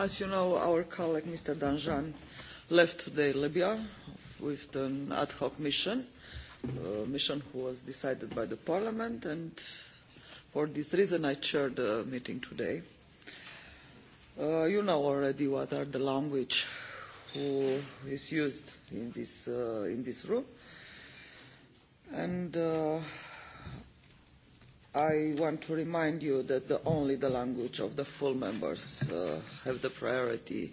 As you know, our colleague, Mr. Danjan, left today Libya with an ad hoc mission, a mission who was decided by the parliament, and for this reason I chaired the meeting today. Uh, you know already what are the language who is used in this, uh, in this room. And... Uh, I want to remind you that the, only the language of the full members uh, have the priority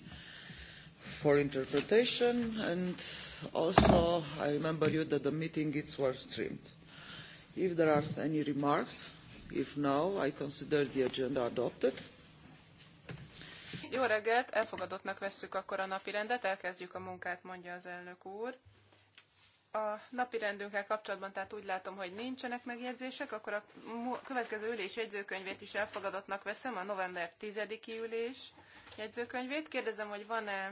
for interpretation and also I remember you that the meeting is were streamed. If there are any remarks, if no, I consider the agenda adopted. Jó reggelt, elfogadottnak vesszük akkor a napi rendet, elkezdjük a munkát, mondja az elnök úr a napi rendünkkel kapcsolatban, tehát úgy látom, hogy nincsenek megjegyzések, akkor a következő ülés jegyzőkönyvét is elfogadottnak veszem, a november 10-i ülés jegyzőkönyvét. Kérdezem, hogy van-e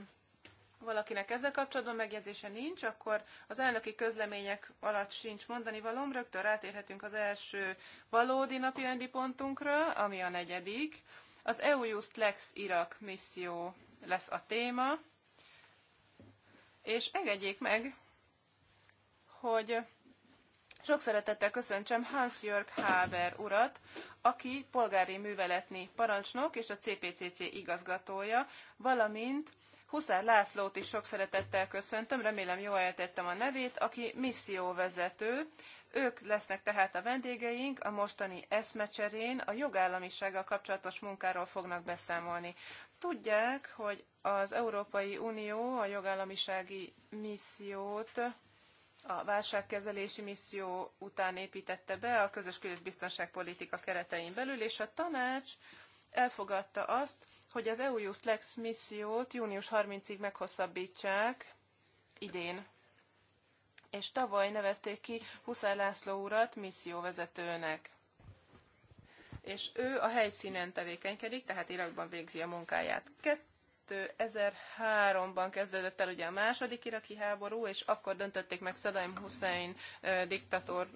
valakinek ezzel kapcsolatban megjegyzése nincs, akkor az elnöki közlemények alatt sincs mondani valom, rögtön rátérhetünk az első valódi napirendi pontunkra, ami a negyedik. Az EU-Just Lex Irak misszió lesz a téma, és engedjék meg, hogy sok szeretettel köszöntsem Hans-Jörg Haver urat, aki polgári műveletni parancsnok és a CPCC igazgatója, valamint Huszár Lászlót is sok szeretettel köszöntöm, remélem jól eltettem a nevét, aki misszióvezető. Ők lesznek tehát a vendégeink, a mostani eszmecserén a jogállamisággal kapcsolatos munkáról fognak beszámolni. Tudják, hogy az Európai Unió a jogállamisági missziót a válságkezelési misszió után építette be a közös biztonságpolitika keretein belül, és a tanács elfogadta azt, hogy az EU-Just Lex missziót június 30-ig meghosszabbítsák idén. És tavaly nevezték ki Huszár László urat misszióvezetőnek. És ő a helyszínen tevékenykedik, tehát Irakban végzi a munkáját. 2003-ban kezdődött el ugye a második iraki háború, és akkor döntötték meg Saddam Hussein diktator,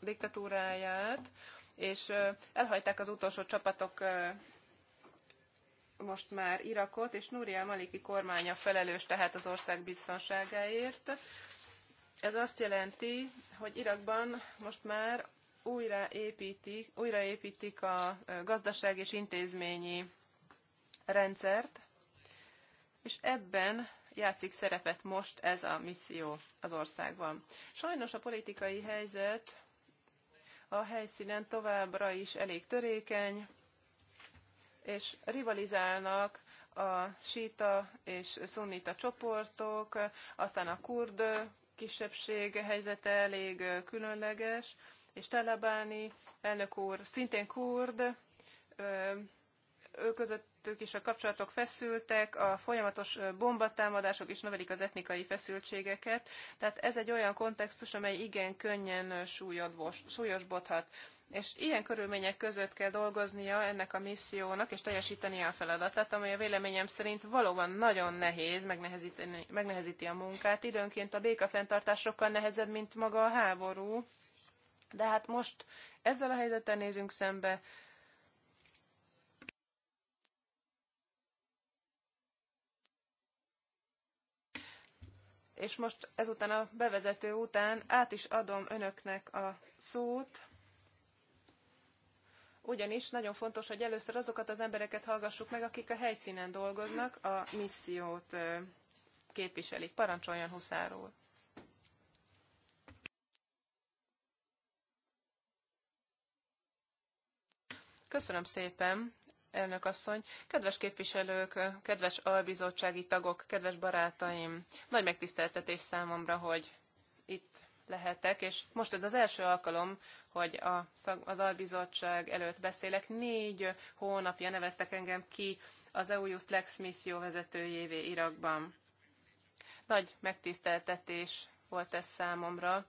diktatúráját, és elhagyták az utolsó csapatok most már Irakot, és Nuri al-Maliki kormánya felelős tehát az ország biztonságáért. Ez azt jelenti, hogy Irakban most már újraépítik, újraépítik a gazdaság és intézményi rendszert, és ebben játszik szerepet most ez a misszió az országban. Sajnos a politikai helyzet a helyszínen továbbra is elég törékeny, és rivalizálnak a síta és szunnita csoportok, aztán a kurd kisebbség helyzete elég különleges, és Talabáni elnök úr szintén kurd, ő között közöttük is a kapcsolatok feszültek, a folyamatos bombatámadások is növelik az etnikai feszültségeket, tehát ez egy olyan kontextus, amely igen könnyen súlyosbodhat. És ilyen körülmények között kell dolgoznia ennek a missziónak, és teljesítenie a feladatát, amely a véleményem szerint valóban nagyon nehéz, megnehezíti a munkát. Időnként a békafenntartás sokkal nehezebb, mint maga a háború. De hát most ezzel a helyzettel nézünk szembe, és most ezután a bevezető után át is adom önöknek a szót, ugyanis nagyon fontos, hogy először azokat az embereket hallgassuk meg, akik a helyszínen dolgoznak, a missziót képviselik. Parancsoljon Huszáról! Köszönöm szépen! elnök asszony, kedves képviselők, kedves albizottsági tagok, kedves barátaim, nagy megtiszteltetés számomra, hogy itt lehetek, és most ez az első alkalom, hogy a szag, az albizottság előtt beszélek. Négy hónapja neveztek engem ki az EU-Just Lex misszió vezetőjévé Irakban. Nagy megtiszteltetés volt ez számomra.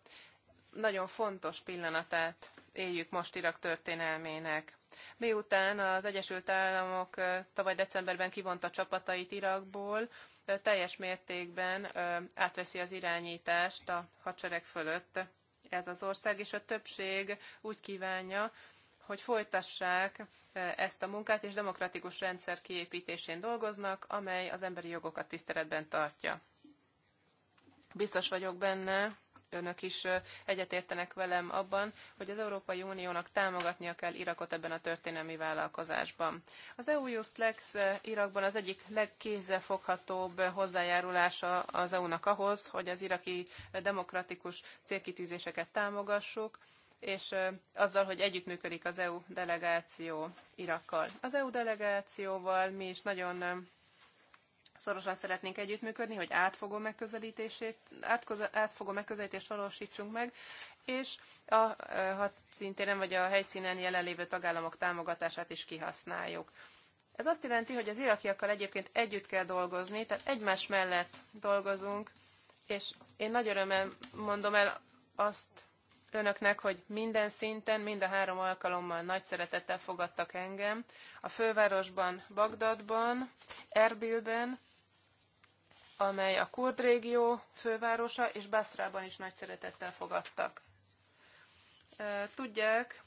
Nagyon fontos pillanatát éljük most Irak történelmének. Miután az Egyesült Államok tavaly decemberben kivonta csapatait Irakból, teljes mértékben átveszi az irányítást a hadsereg fölött ez az ország, és a többség úgy kívánja, hogy folytassák ezt a munkát, és demokratikus rendszer kiépítésén dolgoznak, amely az emberi jogokat tiszteletben tartja. Biztos vagyok benne, önök is egyetértenek velem abban, hogy az Európai Uniónak támogatnia kell Irakot ebben a történelmi vállalkozásban. Az EU Just Lex Irakban az egyik legkézzelfoghatóbb hozzájárulása az EU-nak ahhoz, hogy az iraki demokratikus célkitűzéseket támogassuk, és azzal, hogy együttműködik az EU delegáció Irakkal. Az EU delegációval mi is nagyon Szorosan szeretnénk együttműködni, hogy átfogó, megközelítését, átkoza, átfogó megközelítést valósítsunk meg, és a eh, hat szintéren vagy a helyszínen jelenlévő tagállamok támogatását is kihasználjuk. Ez azt jelenti, hogy az irakiakkal egyébként együtt kell dolgozni, tehát egymás mellett dolgozunk, és én nagy örömmel mondom el azt önöknek, hogy minden szinten, mind a három alkalommal nagy szeretettel fogadtak engem. A fővárosban, Bagdadban, Erbilben, amely a kurd régió fővárosa, és Basrában is nagy szeretettel fogadtak. Tudják,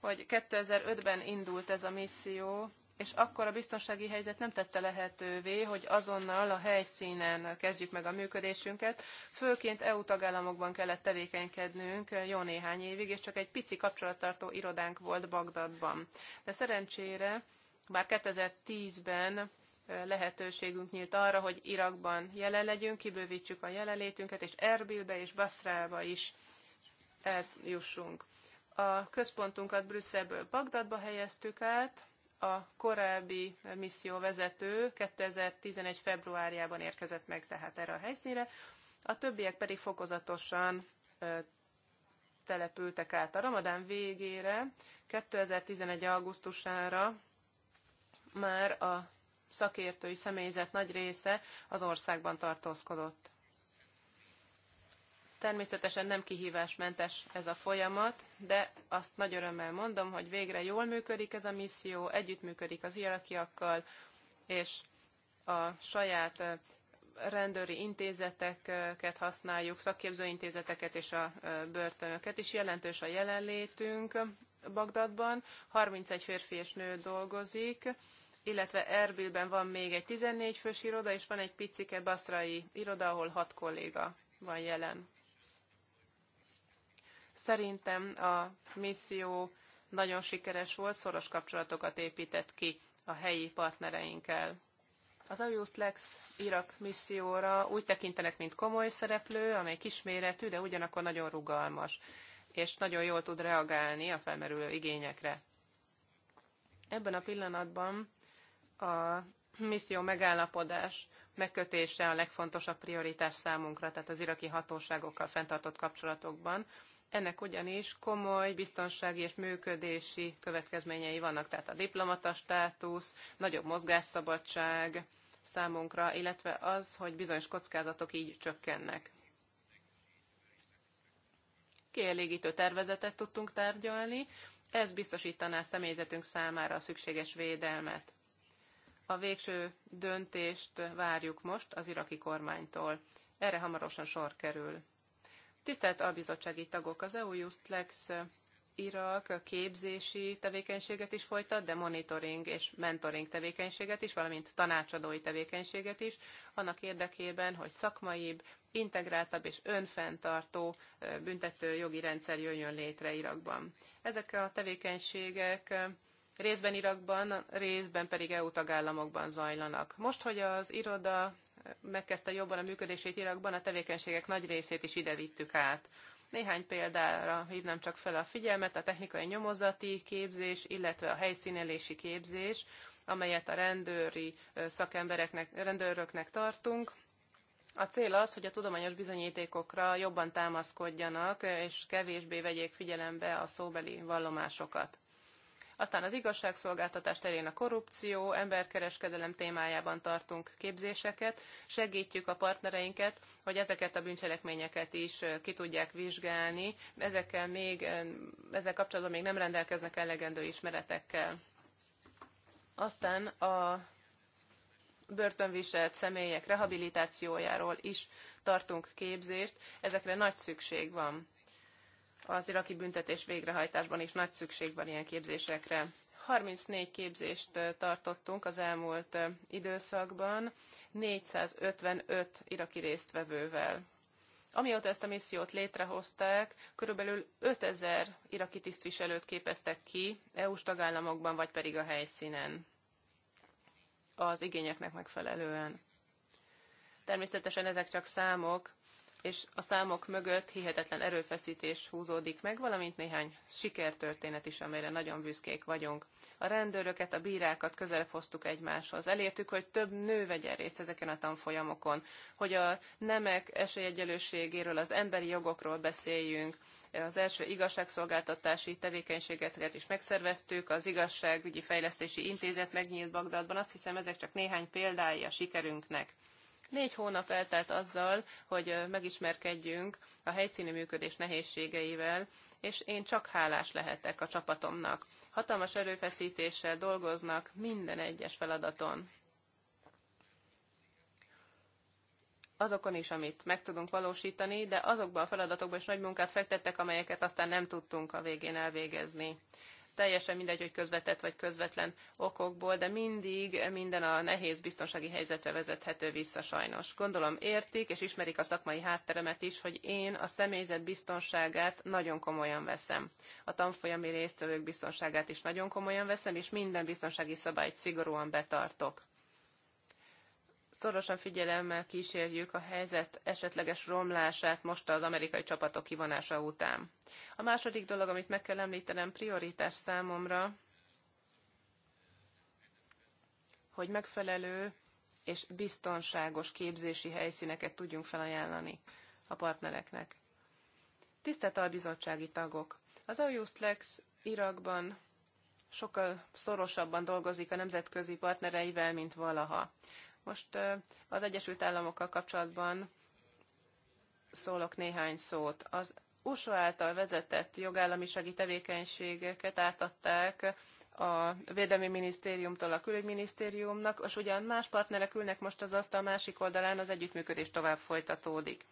hogy 2005-ben indult ez a misszió, és akkor a biztonsági helyzet nem tette lehetővé, hogy azonnal a helyszínen kezdjük meg a működésünket. Főként EU tagállamokban kellett tevékenykednünk jó néhány évig, és csak egy pici kapcsolattartó irodánk volt Bagdadban. De szerencsére már 2010-ben lehetőségünk nyílt arra, hogy Irakban jelen legyünk, kibővítsük a jelenlétünket, és Erbilbe és Basrába is eljussunk. A központunkat Brüsszelből Bagdadba helyeztük át, a korábbi misszió vezető 2011. februárjában érkezett meg tehát erre a helyszínre, a többiek pedig fokozatosan települtek át. A ramadán végére, 2011. augusztusára már a szakértői személyzet nagy része az országban tartózkodott. Természetesen nem kihívásmentes ez a folyamat, de azt nagy örömmel mondom, hogy végre jól működik ez a misszió, együttműködik az irakiakkal, és a saját rendőri intézeteket használjuk, szakképző intézeteket és a börtönöket is. Jelentős a jelenlétünk Bagdadban. 31 férfi és nő dolgozik, illetve Erbilben van még egy 14 fős iroda, és van egy picike baszrai iroda, ahol hat kolléga van jelen. Szerintem a misszió nagyon sikeres volt, szoros kapcsolatokat épített ki a helyi partnereinkkel. Az Arius Lex Irak misszióra úgy tekintenek, mint komoly szereplő, amely kisméretű, de ugyanakkor nagyon rugalmas, és nagyon jól tud reagálni a felmerülő igényekre. Ebben a pillanatban a misszió megállapodás megkötése a legfontosabb prioritás számunkra, tehát az iraki hatóságokkal fenntartott kapcsolatokban. Ennek ugyanis komoly biztonsági és működési következményei vannak, tehát a diplomata státusz, nagyobb mozgásszabadság számunkra, illetve az, hogy bizonyos kockázatok így csökkennek. Kielégítő tervezetet tudtunk tárgyalni, ez biztosítaná személyzetünk számára a szükséges védelmet. A végső döntést várjuk most az iraki kormánytól. Erre hamarosan sor kerül. Tisztelt albizottsági tagok, az EU Justlex Irak képzési tevékenységet is folytat, de monitoring és mentoring tevékenységet is, valamint tanácsadói tevékenységet is, annak érdekében, hogy szakmaibb, integráltabb és önfenntartó büntető jogi rendszer jöjjön létre Irakban. Ezek a tevékenységek részben Irakban, részben pedig EU tagállamokban zajlanak. Most, hogy az iroda megkezdte jobban a működését Irakban, a tevékenységek nagy részét is ide vittük át. Néhány példára hívnám csak fel a figyelmet, a technikai nyomozati képzés, illetve a helyszínelési képzés, amelyet a rendőri szakembereknek, rendőröknek tartunk. A cél az, hogy a tudományos bizonyítékokra jobban támaszkodjanak, és kevésbé vegyék figyelembe a szóbeli vallomásokat. Aztán az igazságszolgáltatás terén a korrupció, emberkereskedelem témájában tartunk képzéseket, segítjük a partnereinket, hogy ezeket a bűncselekményeket is ki tudják vizsgálni. Ezekkel még, ezzel kapcsolatban még nem rendelkeznek elegendő ismeretekkel. Aztán a börtönviselt személyek rehabilitációjáról is tartunk képzést, ezekre nagy szükség van az iraki büntetés végrehajtásban is nagy szükség van ilyen képzésekre. 34 képzést tartottunk az elmúlt időszakban 455 iraki résztvevővel. Amióta ezt a missziót létrehozták, körülbelül 5000 iraki tisztviselőt képeztek ki EU-s tagállamokban, vagy pedig a helyszínen az igényeknek megfelelően. Természetesen ezek csak számok, és a számok mögött hihetetlen erőfeszítés húzódik meg, valamint néhány sikertörténet is, amelyre nagyon büszkék vagyunk. A rendőröket, a bírákat közelebb hoztuk egymáshoz. Elértük, hogy több nő vegyen részt ezeken a tanfolyamokon, hogy a nemek esélyegyelőségéről, az emberi jogokról beszéljünk, az első igazságszolgáltatási tevékenységeket is megszerveztük, az igazságügyi fejlesztési intézet megnyílt Bagdadban. Azt hiszem, ezek csak néhány példái a sikerünknek. Négy hónap eltelt azzal, hogy megismerkedjünk a helyszíni működés nehézségeivel, és én csak hálás lehetek a csapatomnak. Hatalmas erőfeszítéssel dolgoznak minden egyes feladaton. azokon is, amit meg tudunk valósítani, de azokban a feladatokban is nagy munkát fektettek, amelyeket aztán nem tudtunk a végén elvégezni teljesen mindegy, hogy közvetett vagy közvetlen okokból, de mindig minden a nehéz biztonsági helyzetre vezethető vissza sajnos. Gondolom értik és ismerik a szakmai hátteremet is, hogy én a személyzet biztonságát nagyon komolyan veszem. A tanfolyami résztvevők biztonságát is nagyon komolyan veszem, és minden biztonsági szabályt szigorúan betartok szorosan figyelemmel kísérjük a helyzet esetleges romlását most az amerikai csapatok kivonása után. A második dolog, amit meg kell említenem, prioritás számomra, hogy megfelelő és biztonságos képzési helyszíneket tudjunk felajánlani a partnereknek. Tisztelt albizottsági tagok! Az Ajustlex Irakban sokkal szorosabban dolgozik a nemzetközi partnereivel, mint valaha. Most az Egyesült Államokkal kapcsolatban szólok néhány szót. Az USA által vezetett jogállamisági tevékenységeket átadták a Védelmi Minisztériumtól a Külügyminisztériumnak, és ugyan más partnerek ülnek most az asztal másik oldalán, az együttműködés tovább folytatódik.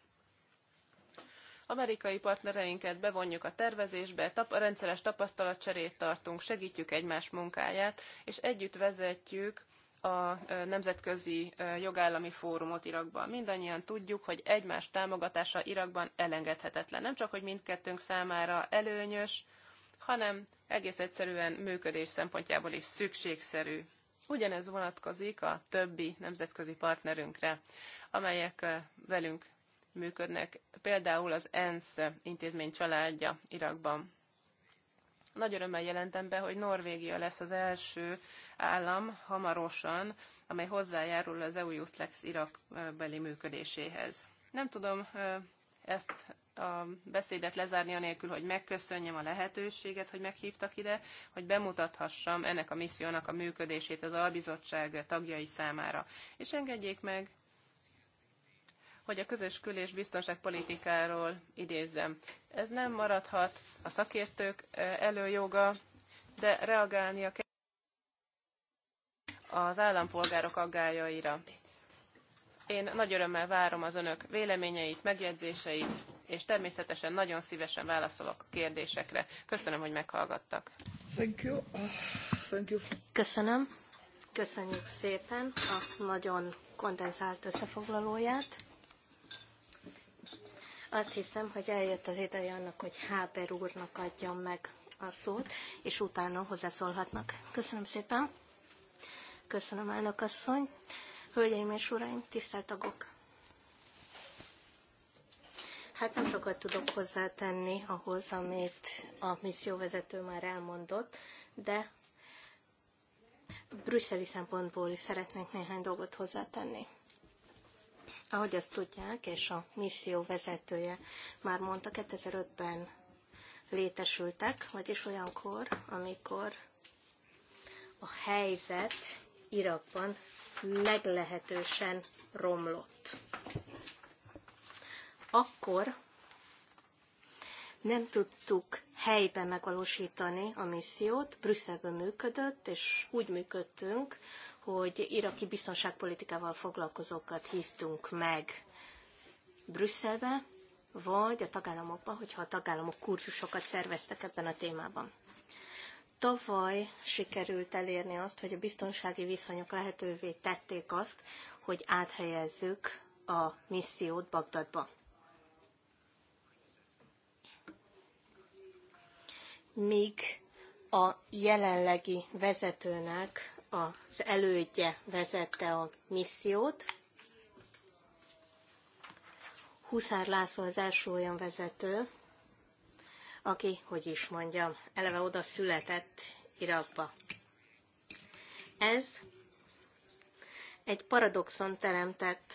Amerikai partnereinket bevonjuk a tervezésbe, tap- rendszeres tapasztalatcserét tartunk, segítjük egymás munkáját, és együtt vezetjük a Nemzetközi Jogállami Fórumot Irakban. Mindannyian tudjuk, hogy egymás támogatása Irakban elengedhetetlen. Nem csak, hogy mindkettőnk számára előnyös, hanem egész egyszerűen működés szempontjából is szükségszerű. Ugyanez vonatkozik a többi nemzetközi partnerünkre, amelyek velünk működnek, például az ENSZ intézmény családja Irakban. Nagy örömmel jelentem be, hogy Norvégia lesz az első állam hamarosan, amely hozzájárul az EU-Justlex Irak beli működéséhez. Nem tudom ezt a beszédet lezárni anélkül, hogy megköszönjem a lehetőséget, hogy meghívtak ide, hogy bemutathassam ennek a missziónak a működését az albizottság tagjai számára. És engedjék meg, hogy a közös kül- és biztonságpolitikáról idézzem. Ez nem maradhat a szakértők előjoga, de reagálnia kell az állampolgárok aggájaira. Én nagy örömmel várom az önök véleményeit, megjegyzéseit, és természetesen nagyon szívesen válaszolok a kérdésekre. Köszönöm, hogy meghallgattak. Thank you. Thank you. Köszönöm. Köszönjük szépen a nagyon kondenzált összefoglalóját. Azt hiszem, hogy eljött az ideje annak, hogy Háber úrnak adjam meg a szót, és utána hozzászólhatnak. Köszönöm szépen. Köszönöm, elnök asszony. Hölgyeim és uraim, tisztelt tagok! Hát nem sokat tudok hozzátenni ahhoz, amit a misszióvezető már elmondott, de brüsszeli szempontból is szeretnék néhány dolgot hozzátenni. Ahogy azt tudják, és a misszió vezetője már mondta, 2005-ben létesültek, vagyis olyankor, amikor a helyzet Irakban meglehetősen romlott. Akkor nem tudtuk helyben megvalósítani a missziót, Brüsszelben működött, és úgy működtünk, hogy iraki biztonságpolitikával foglalkozókat hívtunk meg Brüsszelbe, vagy a tagállamokba, hogyha a tagállamok kurzusokat szerveztek ebben a témában. Tavaly sikerült elérni azt, hogy a biztonsági viszonyok lehetővé tették azt, hogy áthelyezzük a missziót Bagdadba. míg a jelenlegi vezetőnek az elődje vezette a missziót. Huszár László az első olyan vezető, aki, hogy is mondjam, eleve oda született Irakba. Ez egy paradoxon teremtett,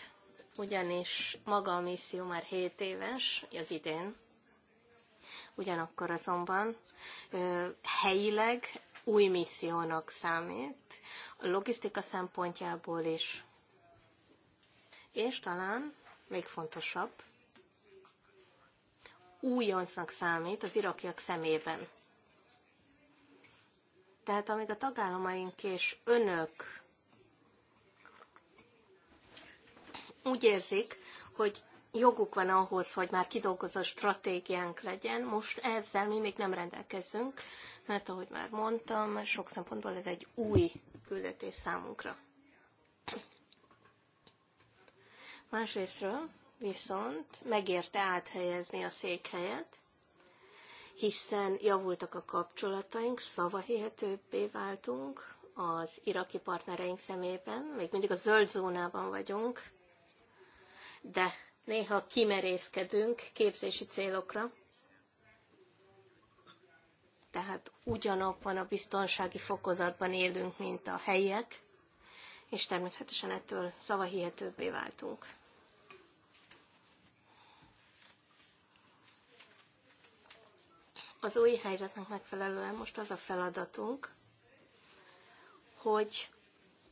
ugyanis maga a misszió már 7 éves, az idén, Ugyanakkor azonban helyileg új missziónak számít, a logisztika szempontjából is. És talán még fontosabb, újoncnak számít az irakiak szemében. Tehát amíg a tagállamaink és önök úgy érzik, hogy joguk van ahhoz, hogy már kidolgozó stratégiánk legyen. Most ezzel mi még nem rendelkezünk, mert ahogy már mondtam, sok szempontból ez egy új küldetés számunkra. Másrésztről viszont megérte áthelyezni a székhelyet, hiszen javultak a kapcsolataink, szavahihetőbbé váltunk az iraki partnereink szemében, még mindig a zöld zónában vagyunk, de Néha kimerészkedünk képzési célokra, tehát ugyanabban a biztonsági fokozatban élünk, mint a helyiek, és természetesen ettől szavahihetőbbé váltunk. Az új helyzetnek megfelelően most az a feladatunk, hogy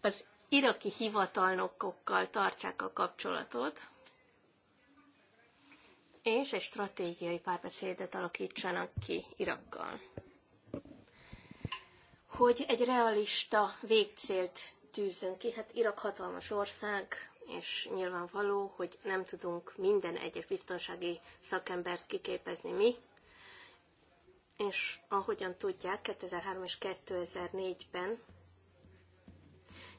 az iraki hivatalnokokkal tartsák a kapcsolatot, és egy stratégiai párbeszédet alakítsanak ki Irakkal. Hogy egy realista végcélt tűzünk ki, hát Irak hatalmas ország, és nyilvánvaló, hogy nem tudunk minden egyes biztonsági szakembert kiképezni mi, és ahogyan tudják, 2003 és 2004-ben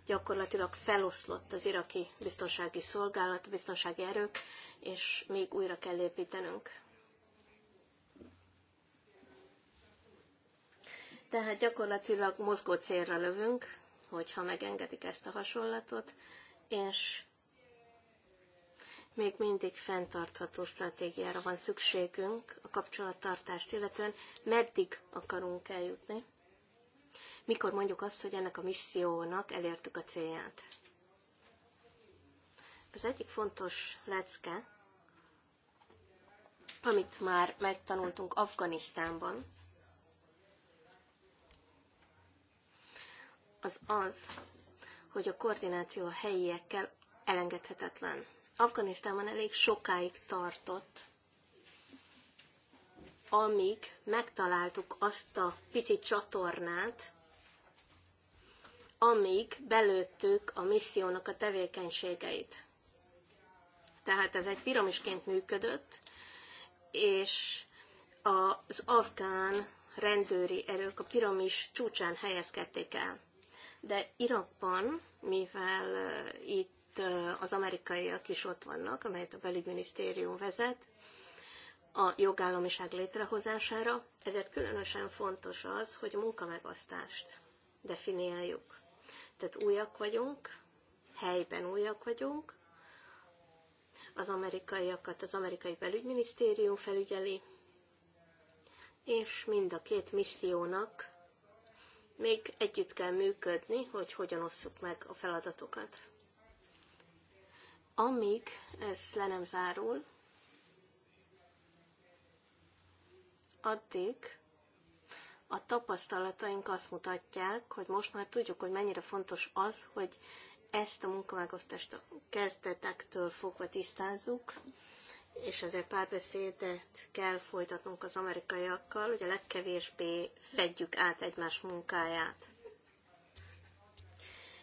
gyakorlatilag feloszlott az iraki biztonsági szolgálat, biztonsági erők, és még újra kell építenünk. Tehát gyakorlatilag mozgó célra lövünk, hogyha megengedik ezt a hasonlatot, és még mindig fenntartható stratégiára van szükségünk a kapcsolattartást, illetően meddig akarunk eljutni, mikor mondjuk azt, hogy ennek a missziónak elértük a célját. Az egyik fontos lecke amit már megtanultunk Afganisztánban, az az, hogy a koordináció a helyiekkel elengedhetetlen. Afganisztánban elég sokáig tartott, amíg megtaláltuk azt a pici csatornát, amíg belőttük a missziónak a tevékenységeit. Tehát ez egy piramisként működött, és az afgán rendőri erők a piramis csúcsán helyezkedték el. De Irakban, mivel itt az amerikaiak is ott vannak, amelyet a belügyminisztérium vezet, a jogállamiság létrehozására, ezért különösen fontos az, hogy a munkamegosztást definiáljuk. Tehát újak vagyunk, helyben újak vagyunk, az amerikaiakat az amerikai belügyminisztérium felügyeli, és mind a két missziónak még együtt kell működni, hogy hogyan osszuk meg a feladatokat. Amíg ez le nem zárul, addig a tapasztalataink azt mutatják, hogy most már tudjuk, hogy mennyire fontos az, hogy ezt a munkavágosztást a kezdetektől fogva tisztázzuk, és ezért párbeszédet kell folytatnunk az amerikaiakkal, hogy a legkevésbé fedjük át egymás munkáját.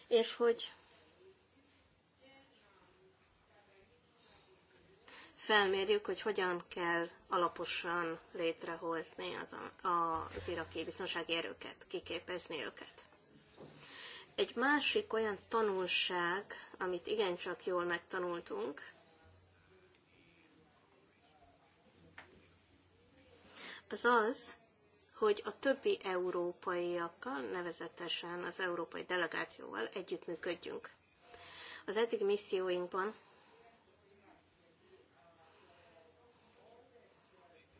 És hogy felmérjük, hogy hogyan kell alaposan létrehozni az, a, az iraki biztonsági erőket, kiképezni őket. Egy másik olyan tanulság, amit igencsak jól megtanultunk, az az, hogy a többi európaiakkal, nevezetesen az európai delegációval együttműködjünk. Az eddig misszióinkban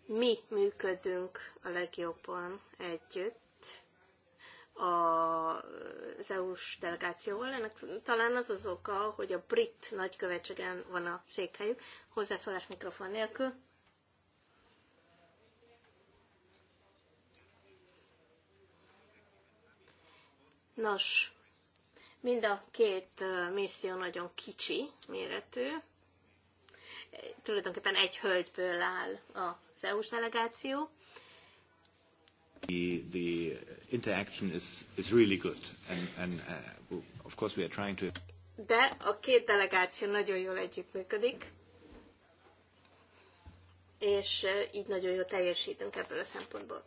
mi működünk a legjobban együtt, az EU-s delegációval. Ennek talán az az oka, hogy a brit nagykövetségen van a székhelyük, hozzászólás mikrofon nélkül. Nos, mind a két misszió nagyon kicsi méretű. Tulajdonképpen egy hölgyből áll az EU-s delegáció, the, the interaction is, is really good. And, and uh, of course we are trying to... De a két delegáció nagyon jól együttműködik, és uh, így nagyon jól teljesítünk ebből a szempontból.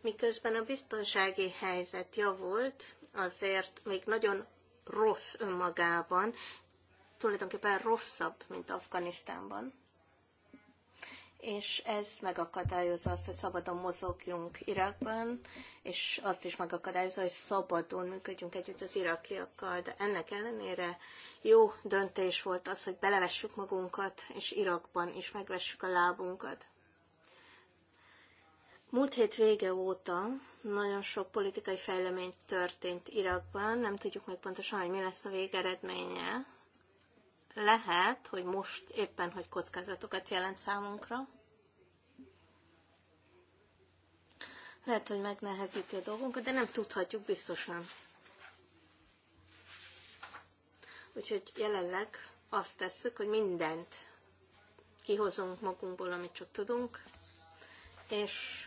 Miközben a biztonsági helyzet javult, azért még nagyon rossz önmagában, tulajdonképpen rosszabb, mint Afganisztánban és ez megakadályozza azt, hogy szabadon mozogjunk Irakban, és azt is megakadályozza, hogy szabadon működjünk együtt az irakiakkal. De ennek ellenére jó döntés volt az, hogy belevessük magunkat, és Irakban is megvessük a lábunkat. Múlt hét vége óta nagyon sok politikai fejlemény történt Irakban, nem tudjuk még pontosan, hogy mi lesz a végeredménye, lehet, hogy most éppen, hogy kockázatokat jelent számunkra. Lehet, hogy megnehezíti a dolgunkat, de nem tudhatjuk biztosan. Úgyhogy jelenleg azt tesszük, hogy mindent kihozunk magunkból, amit csak tudunk, és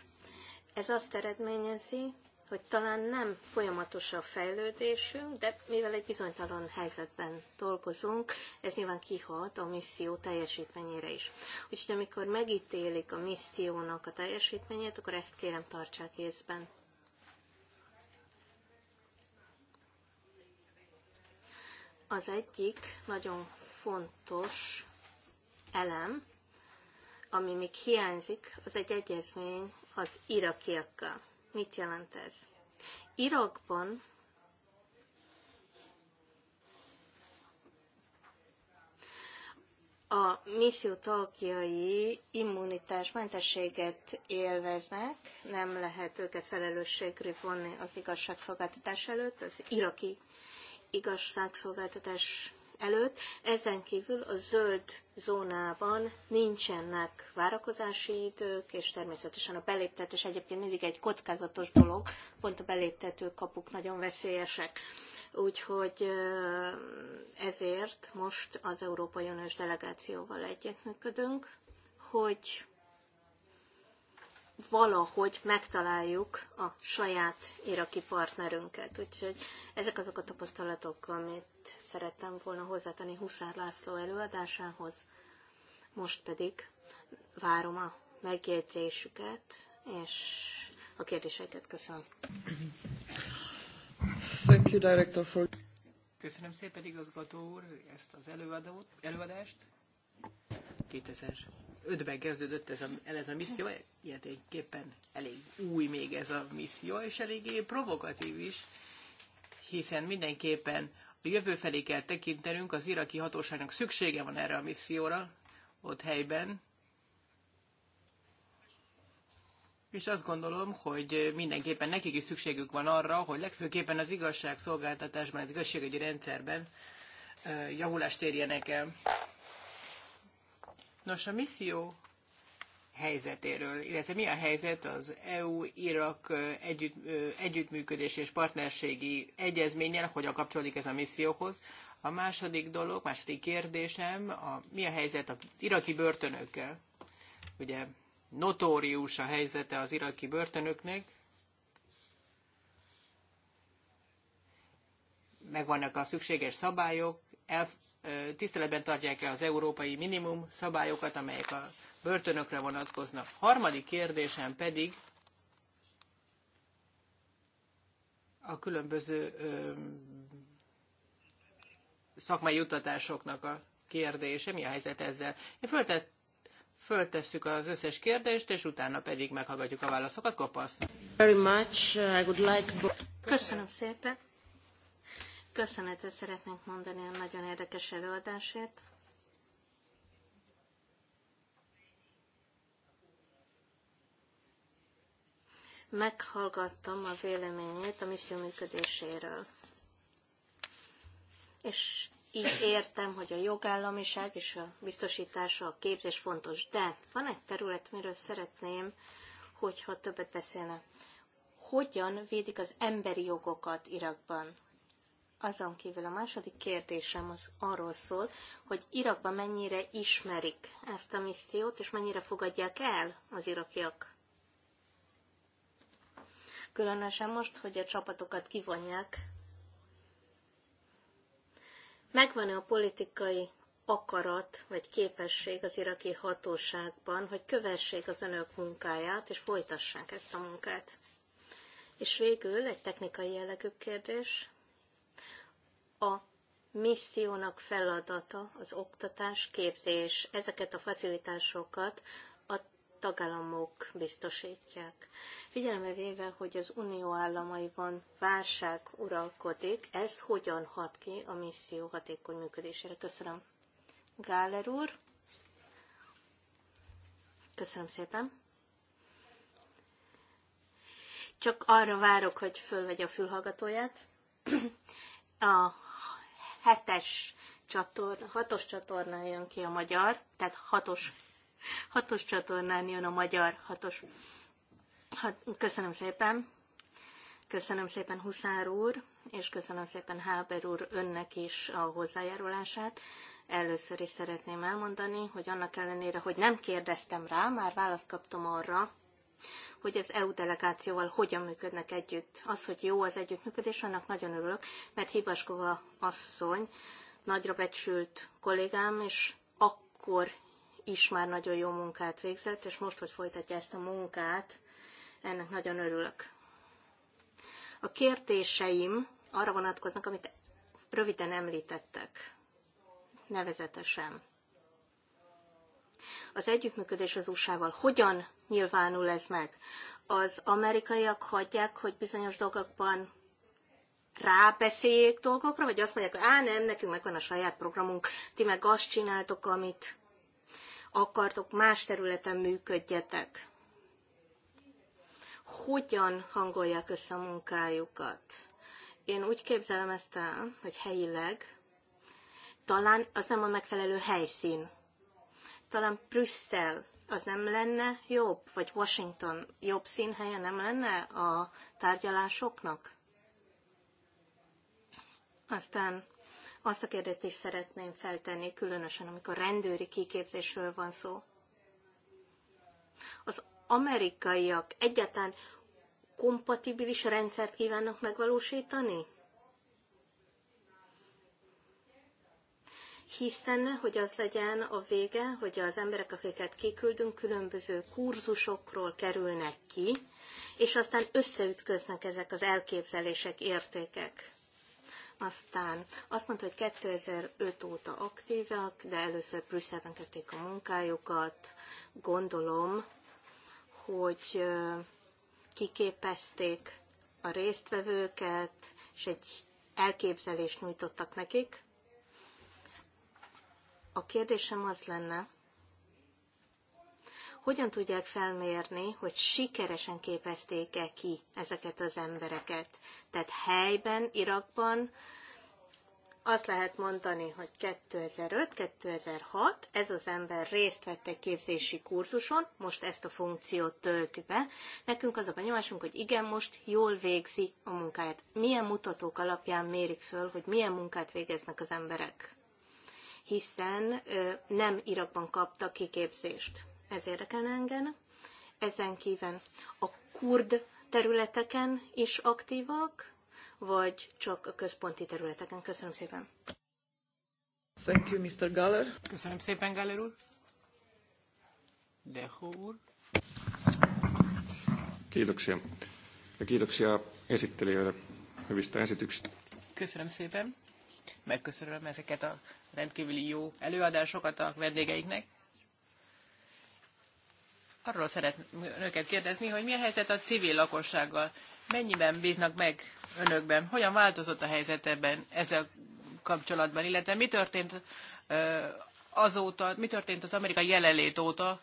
ez azt eredményezi, hogy talán nem folyamatos a fejlődésünk, de mivel egy bizonytalan helyzetben dolgozunk, ez nyilván kihat a misszió teljesítményére is. Úgyhogy amikor megítélik a missziónak a teljesítményét, akkor ezt kérem tartsák észben. Az egyik nagyon fontos elem, ami még hiányzik, az egy egyezmény az irakiakkal. Mit jelent ez? Irakban a misszió tagjai immunitásmentességet élveznek, nem lehet őket felelősségre vonni az igazságszolgáltatás előtt, az iraki igazságszolgáltatás előtt. Ezen kívül a zöld zónában nincsenek várakozási idők, és természetesen a beléptetés egyébként mindig egy kockázatos dolog, pont a beléptető kapuk nagyon veszélyesek. Úgyhogy ezért most az Európai Uniós delegációval együttműködünk, hogy valahogy megtaláljuk a saját iraki partnerünket. Úgyhogy ezek azok a tapasztalatok, amit szerettem volna hozzátenni Huszár László előadásához. Most pedig várom a megjegyzésüket, és a kérdéseket köszönöm. Thank you, Director, for... Köszönöm szépen, igazgató úr, ezt az előadót, előadást. 2000 2005-ben kezdődött ez a, el ez a misszió, ilyeténképpen elég új még ez a misszió, és eléggé provokatív is, hiszen mindenképpen a jövő felé kell tekintenünk, az iraki hatóságnak szüksége van erre a misszióra, ott helyben, és azt gondolom, hogy mindenképpen nekik is szükségük van arra, hogy legfőképpen az igazságszolgáltatásban, az igazságügyi rendszerben javulást érjenek el. Nos, a misszió helyzetéről, illetve mi a helyzet az EU-Irak együtt, együttműködés és partnerségi egyezménnyel, hogyan kapcsolódik ez a misszióhoz. A második dolog, második kérdésem, a, mi a helyzet az iraki börtönökkel? Ugye notórius a helyzete az iraki börtönöknek, megvannak a szükséges szabályok, el, tiszteletben tartják-e az európai minimum szabályokat, amelyek a börtönökre vonatkoznak. Harmadik kérdésem pedig a különböző szakmai juttatásoknak a kérdése. Mi a helyzet ezzel? Én föltett, föltesszük az összes kérdést, és utána pedig meghallgatjuk a válaszokat. Kopasz. Very much. I would like... Köszönöm szépen. Köszönetet szeretnénk mondani a nagyon érdekes előadásért. Meghallgattam a véleményét a misszió működéséről. És így értem, hogy a jogállamiság és a biztosítása, a képzés fontos. De van egy terület, miről szeretném, hogyha többet beszélne. Hogyan védik az emberi jogokat Irakban? Azon kívül a második kérdésem az arról szól, hogy Irakban mennyire ismerik ezt a missziót, és mennyire fogadják el az irakiak. Különösen most, hogy a csapatokat kivonják. Megvan-e a politikai akarat vagy képesség az iraki hatóságban, hogy kövessék az önök munkáját, és folytassák ezt a munkát? És végül egy technikai jellegű kérdés a missziónak feladata az oktatás, képzés. Ezeket a facilitásokat a tagállamok biztosítják. Figyelme véve, hogy az unió államaiban válság uralkodik, ez hogyan hat ki a misszió hatékony működésére? Köszönöm. Gáler úr. Köszönöm szépen. Csak arra várok, hogy fölvegy a fülhallgatóját. A hetes csatorna, hatos csatornán jön ki a magyar, tehát hatos, hatos csatornán jön a magyar, hatos. Hat, köszönöm szépen. Köszönöm szépen Huszár úr, és köszönöm szépen Háber úr önnek is a hozzájárulását. Először is szeretném elmondani, hogy annak ellenére, hogy nem kérdeztem rá, már választ kaptam arra, hogy az EU delegációval hogyan működnek együtt. Az, hogy jó az együttműködés, annak nagyon örülök, mert Hibaskova asszony, nagyra becsült kollégám, és akkor is már nagyon jó munkát végzett, és most, hogy folytatja ezt a munkát, ennek nagyon örülök. A kérdéseim arra vonatkoznak, amit röviden említettek, nevezetesen az együttműködés az USA-val hogyan nyilvánul ez meg? Az amerikaiak hagyják, hogy bizonyos dolgokban rábeszéljék dolgokra, vagy azt mondják, hogy á nem, nekünk megvan a saját programunk, ti meg azt csináltok, amit akartok, más területen működjetek. Hogyan hangolják össze a munkájukat? Én úgy képzelem ezt el, hogy helyileg talán az nem a megfelelő helyszín talán Brüsszel az nem lenne jobb, vagy Washington jobb színhelye nem lenne a tárgyalásoknak? Aztán azt a kérdést is szeretném feltenni, különösen amikor rendőri kiképzésről van szó. Az amerikaiak egyáltalán kompatibilis rendszert kívánnak megvalósítani? hiszen hogy az legyen a vége, hogy az emberek, akiket kiküldünk, különböző kurzusokról kerülnek ki, és aztán összeütköznek ezek az elképzelések, értékek. Aztán azt mondta, hogy 2005 óta aktívak, de először Brüsszelben kezdték a munkájukat. Gondolom, hogy kiképezték a résztvevőket, és egy elképzelést nyújtottak nekik, a kérdésem az lenne, hogyan tudják felmérni, hogy sikeresen képezték-e ki ezeket az embereket? Tehát helyben, Irakban azt lehet mondani, hogy 2005-2006 ez az ember részt vett egy képzési kurzuson, most ezt a funkciót tölti be. Nekünk az a benyomásunk, hogy igen, most jól végzi a munkáját. Milyen mutatók alapján mérik föl, hogy milyen munkát végeznek az emberek? hiszen nem Irakban kaptak kiképzést. Ez érdekel engem. Ezen kíván a kurd területeken is aktívak, vagy csak a központi területeken? Köszönöm szépen. Thank you, Mr. Galler. Köszönöm szépen, Galler úr. Deho úr. Kiitoksia. Ja kiitoksia esittelijöille hyvistä esityksistä. Köszönöm szépen. Megköszönöm ezeket a rendkívüli jó előadásokat a vendégeiknek. Arról szeretném önöket kérdezni, hogy mi a helyzet a civil lakossággal? Mennyiben bíznak meg önökben? Hogyan változott a helyzet ebben ezzel kapcsolatban? Illetve mi történt azóta, mi történt az amerikai jelenlét óta,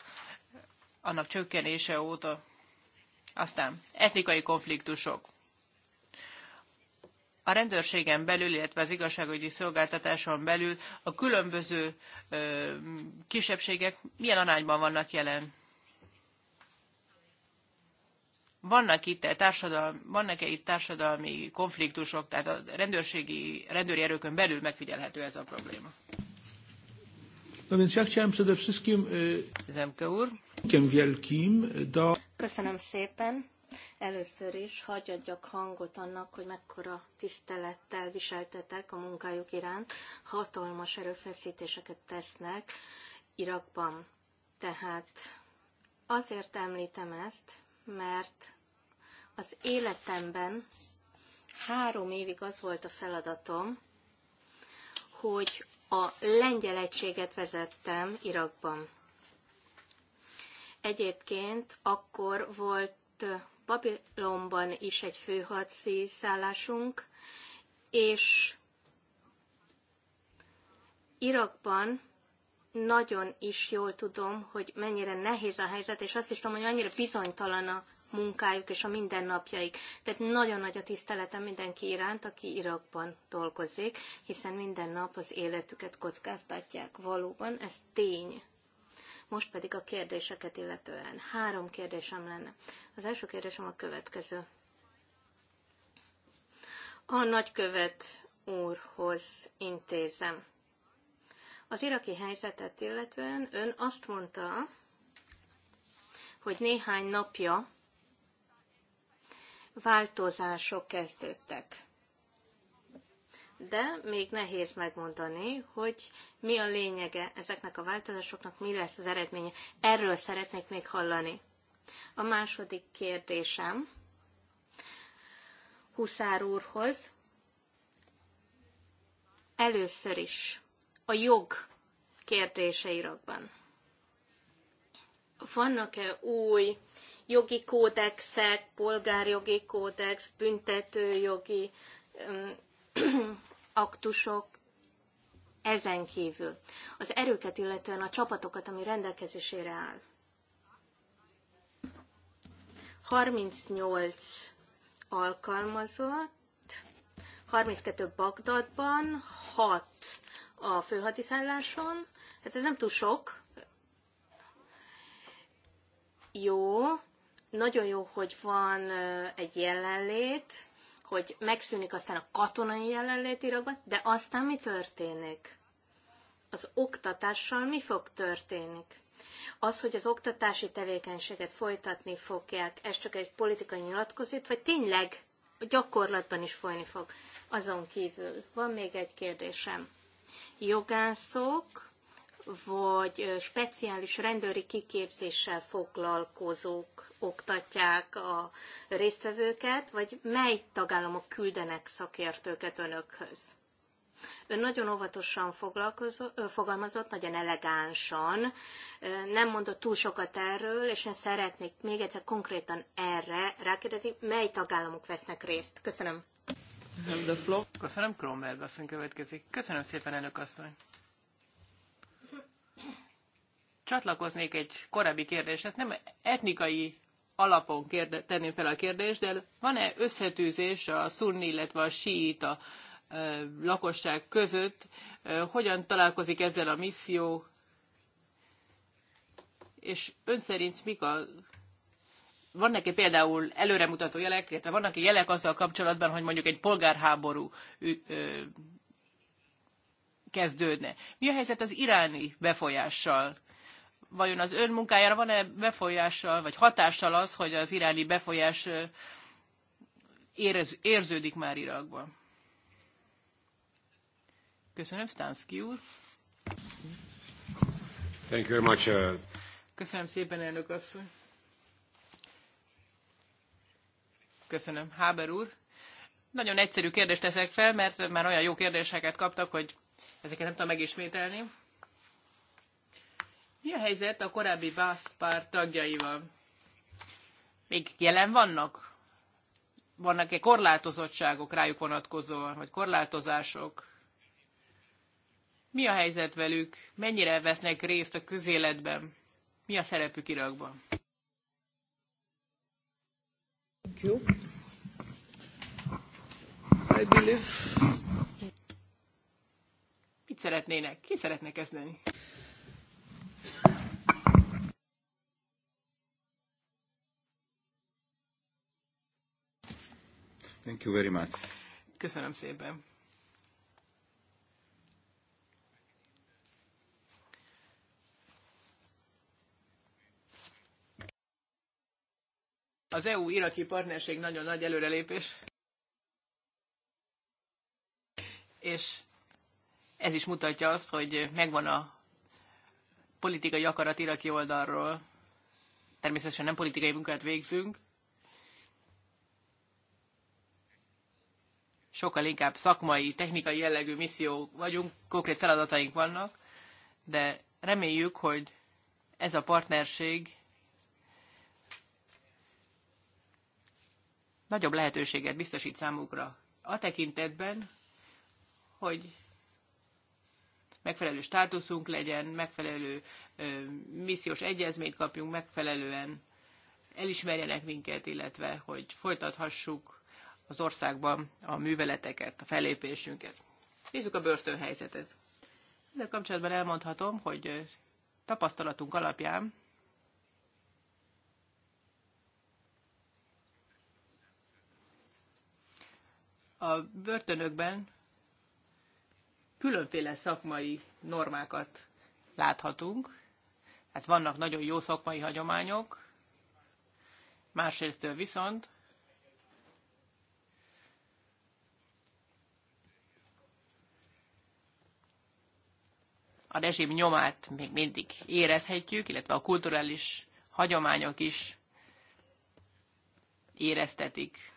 annak csökkenése óta? Aztán etnikai konfliktusok a rendőrségen belül, illetve az igazságügyi szolgáltatáson belül a különböző ö, kisebbségek milyen arányban vannak jelen? Vannak itt, társadalmi, vannak-e itt társadalmi konfliktusok, tehát a rendőrségi, rendőri erőkön belül megfigyelhető ez a probléma? No więc ja chciałem przede wszystkim... Zemke úr. Köszönöm szépen. Először is hagy adjak hangot annak, hogy mekkora tisztelettel viseltetek a munkájuk iránt, hatalmas erőfeszítéseket tesznek Irakban. Tehát azért említem ezt, mert az életemben három évig az volt a feladatom, hogy a lengyel egységet vezettem Irakban. Egyébként akkor volt Babilonban is egy főhadszi szállásunk, és Irakban nagyon is jól tudom, hogy mennyire nehéz a helyzet, és azt is tudom, hogy mennyire bizonytalan a munkájuk és a mindennapjaik. Tehát nagyon nagy a tiszteletem mindenki iránt, aki Irakban dolgozik, hiszen minden nap az életüket kockáztatják. Valóban ez tény. Most pedig a kérdéseket illetően. Három kérdésem lenne. Az első kérdésem a következő. A nagykövet úrhoz intézem. Az iraki helyzetet illetően ön azt mondta, hogy néhány napja változások kezdődtek de még nehéz megmondani, hogy mi a lényege ezeknek a változásoknak, mi lesz az eredménye. Erről szeretnék még hallani. A második kérdésem Huszár úrhoz. Először is a jog kérdéseirakban. Vannak-e új jogi kódexek, polgárjogi kódex, büntetőjogi aktusok ezen kívül. Az erőket, illetően a csapatokat, ami rendelkezésére áll. 38 alkalmazott, 32 Bagdadban, 6 a főhadiszálláson. Hát ez nem túl sok. Jó, nagyon jó, hogy van egy jelenlét, hogy megszűnik aztán a katonai jelenlét Irakban, de aztán mi történik? Az oktatással mi fog történni? Az, hogy az oktatási tevékenységet folytatni fogják, ez csak egy politikai nyilatkozat, vagy tényleg gyakorlatban is folyni fog. Azon kívül van még egy kérdésem. Jogászok vagy speciális rendőri kiképzéssel foglalkozók oktatják a résztvevőket, vagy mely tagállamok küldenek szakértőket önökhöz? Ön nagyon óvatosan fogalmazott, nagyon elegánsan, nem mondott túl sokat erről, és én szeretnék még egyszer konkrétan erre rákérdezni, mely tagállamok vesznek részt. Köszönöm. Köszönöm, Kromberg asszony következik. Köszönöm szépen, elnök asszony csatlakoznék egy korábbi kérdéshez. Nem etnikai alapon kérde, tenném fel a kérdést, de van-e összetűzés a szunni, illetve a síita lakosság között? Hogyan találkozik ezzel a misszió? És ön szerint mik a vannak-e például előremutató jelek, illetve vannak-e jelek azzal kapcsolatban, hogy mondjuk egy polgárháború kezdődne? Mi a helyzet az iráni befolyással? vajon az ön munkájára van-e befolyással, vagy hatással az, hogy az iráni befolyás érez, érződik már Irakban? Köszönöm, Stansky úr. Thank you very much. Uh... Köszönöm szépen, elnök asszony. Köszönöm, Háber úr. Nagyon egyszerű kérdést teszek fel, mert már olyan jó kérdéseket kaptak, hogy ezeket nem tudom megismételni. Mi a helyzet a korábbi BAF pár tagjaival? Még jelen vannak? Vannak-e korlátozottságok rájuk vonatkozóan, vagy korlátozások? Mi a helyzet velük? Mennyire vesznek részt a közéletben? Mi a szerepük Irakban? you. I believe. Mit szeretnének? Ki szeretne kezdeni? Thank you very much. Köszönöm szépen. Az EU-iraki partnerség nagyon nagy előrelépés, és ez is mutatja azt, hogy megvan a politikai akarat iraki oldalról. Természetesen nem politikai munkát végzünk. Sokkal inkább szakmai, technikai jellegű misszió vagyunk, konkrét feladataink vannak, de reméljük, hogy ez a partnerség nagyobb lehetőséget biztosít számukra a tekintetben, hogy megfelelő státuszunk legyen, megfelelő missziós egyezményt kapjunk, megfelelően elismerjenek minket, illetve hogy folytathassuk az országban a műveleteket, a fellépésünket. Nézzük a börtönhelyzetet. Ezzel kapcsolatban elmondhatom, hogy tapasztalatunk alapján a börtönökben különféle szakmai normákat láthatunk. Hát vannak nagyon jó szakmai hagyományok, másrészt viszont a rezsim nyomát még mindig érezhetjük, illetve a kulturális hagyományok is éreztetik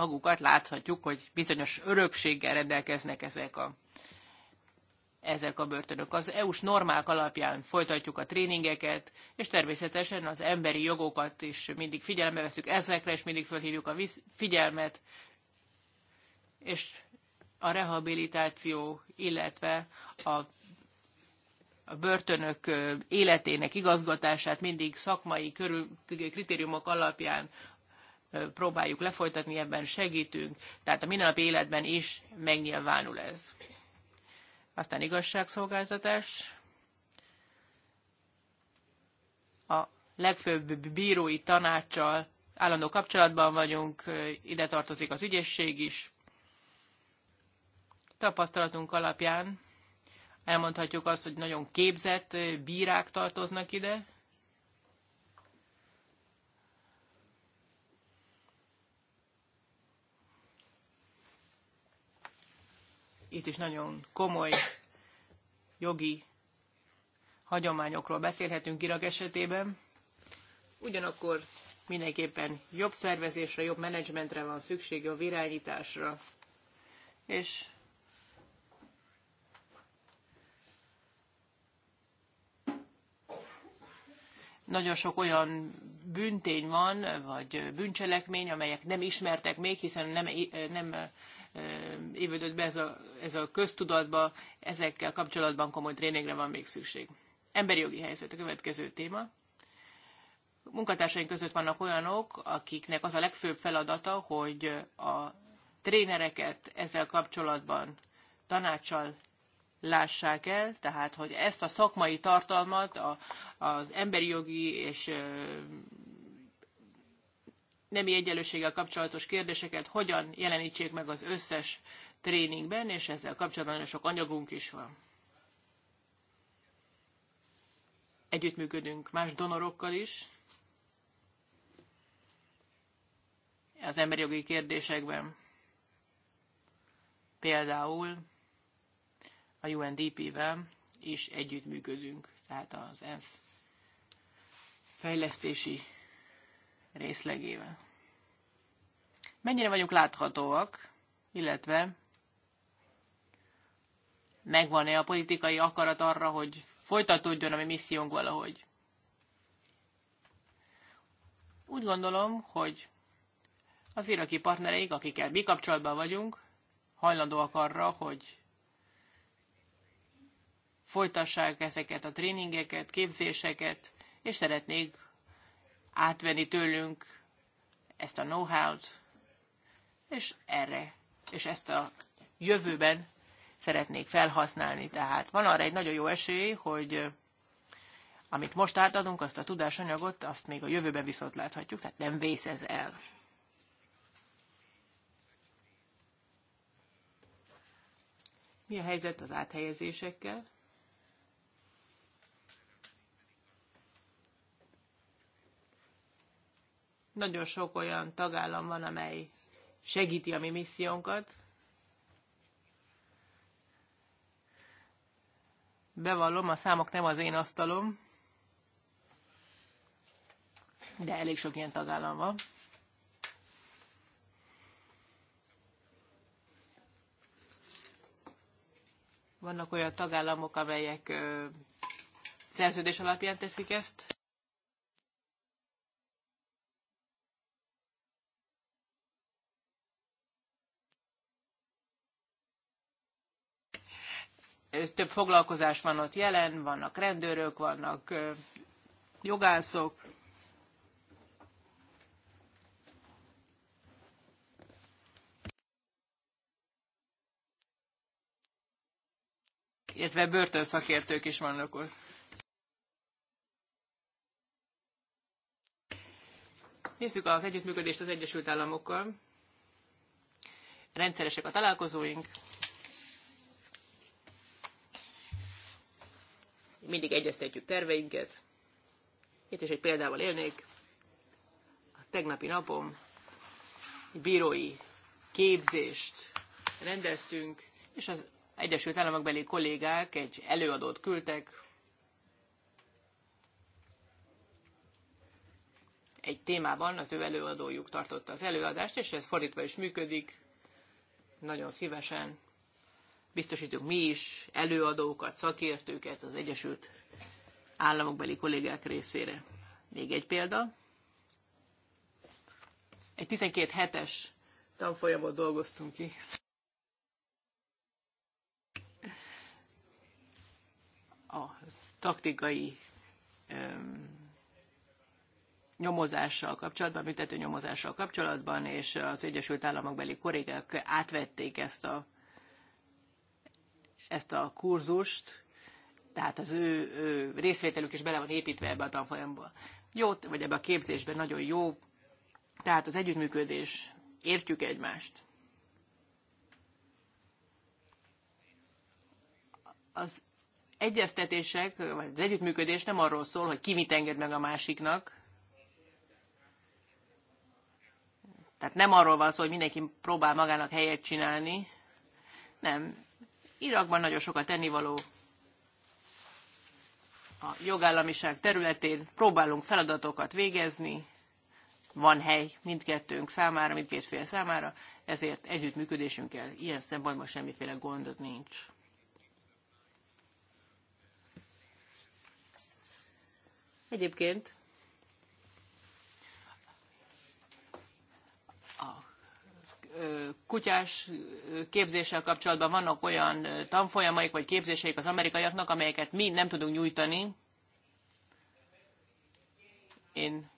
magukat, láthatjuk, hogy bizonyos örökséggel rendelkeznek ezek a ezek a börtönök. Az EU-s normák alapján folytatjuk a tréningeket, és természetesen az emberi jogokat is mindig figyelembe veszük, ezekre és mindig felhívjuk a figyelmet, és a rehabilitáció, illetve a, a börtönök életének igazgatását mindig szakmai körül, kritériumok alapján próbáljuk lefolytatni, ebben segítünk, tehát a mindennapi életben is megnyilvánul ez. Aztán igazságszolgáltatás. A legfőbb bírói tanácssal állandó kapcsolatban vagyunk, ide tartozik az ügyesség is. Tapasztalatunk alapján elmondhatjuk azt, hogy nagyon képzett bírák tartoznak ide, itt is nagyon komoly jogi hagyományokról beszélhetünk Irak esetében. Ugyanakkor mindenképpen jobb szervezésre, jobb menedzsmentre van szükség, a virányításra. És nagyon sok olyan büntény van, vagy bűncselekmény, amelyek nem ismertek még, hiszen nem, nem évődött be ez a, ez a köztudatba, ezekkel kapcsolatban komoly tréningre van még szükség. Emberi jogi helyzet a következő téma. Munkatársaink között vannak olyanok, akiknek az a legfőbb feladata, hogy a trénereket ezzel kapcsolatban tanácsal lássák el, tehát hogy ezt a szakmai tartalmat a, az emberi jogi és nemi egyenlőséggel kapcsolatos kérdéseket hogyan jelenítsék meg az összes tréningben, és ezzel kapcsolatban nagyon sok anyagunk is van. Együttműködünk más donorokkal is, az emberi jogi kérdésekben. Például a UNDP-vel is együttműködünk, tehát az ENSZ fejlesztési részlegével. Mennyire vagyunk láthatóak, illetve megvan-e a politikai akarat arra, hogy folytatódjon a mi missziónk valahogy. Úgy gondolom, hogy az iraki partnereik, akikkel mi kapcsolatban vagyunk, hajlandóak arra, hogy folytassák ezeket a tréningeket, képzéseket, és szeretnék átvenni tőlünk ezt a know-how-t, és erre, és ezt a jövőben szeretnék felhasználni. Tehát van arra egy nagyon jó esély, hogy amit most átadunk, azt a tudásanyagot, azt még a jövőben viszont láthatjuk, tehát nem vész ez el. Mi a helyzet az áthelyezésekkel? Nagyon sok olyan tagállam van, amely segíti a mi missziónkat. Bevallom, a számok nem az én asztalom, de elég sok ilyen tagállam van. Vannak olyan tagállamok, amelyek ö, szerződés alapján teszik ezt. több foglalkozás van ott jelen, vannak rendőrök, vannak jogászok. Értve börtönszakértők is vannak ott. Nézzük az együttműködést az Egyesült Államokkal. Rendszeresek a találkozóink, mindig egyeztetjük terveinket. Itt is egy példával élnék. A tegnapi napom bírói képzést rendeztünk, és az Egyesült Államokbeli kollégák egy előadót küldtek egy témában, az ő előadójuk tartotta az előadást, és ez fordítva is működik. Nagyon szívesen biztosítunk mi is előadókat, szakértőket az Egyesült Államokbeli kollégák részére. Még egy példa. Egy 12 hetes tanfolyamot dolgoztunk ki. A taktikai öm, nyomozással kapcsolatban, büntető nyomozással kapcsolatban, és az Egyesült államokbeli kollégák átvették ezt a ezt a kurzust, tehát az ő, ő részvételük is bele van építve ebbe a tanfolyamba. Jó, vagy ebbe a képzésben nagyon jó, tehát az együttműködés, értjük egymást. Az egyeztetések, vagy az együttműködés nem arról szól, hogy ki mit enged meg a másiknak, tehát nem arról van szó, hogy mindenki próbál magának helyet csinálni, nem. Irakban nagyon sokat tennivaló a jogállamiság területén. Próbálunk feladatokat végezni, van hely mindkettőnk számára, mindkét fél számára, ezért együttműködésünkkel ilyen szempontból semmiféle gondot nincs. Egyébként kutyás képzéssel kapcsolatban vannak olyan tanfolyamaik vagy képzéseik az amerikaiaknak, amelyeket mi nem tudunk nyújtani. Én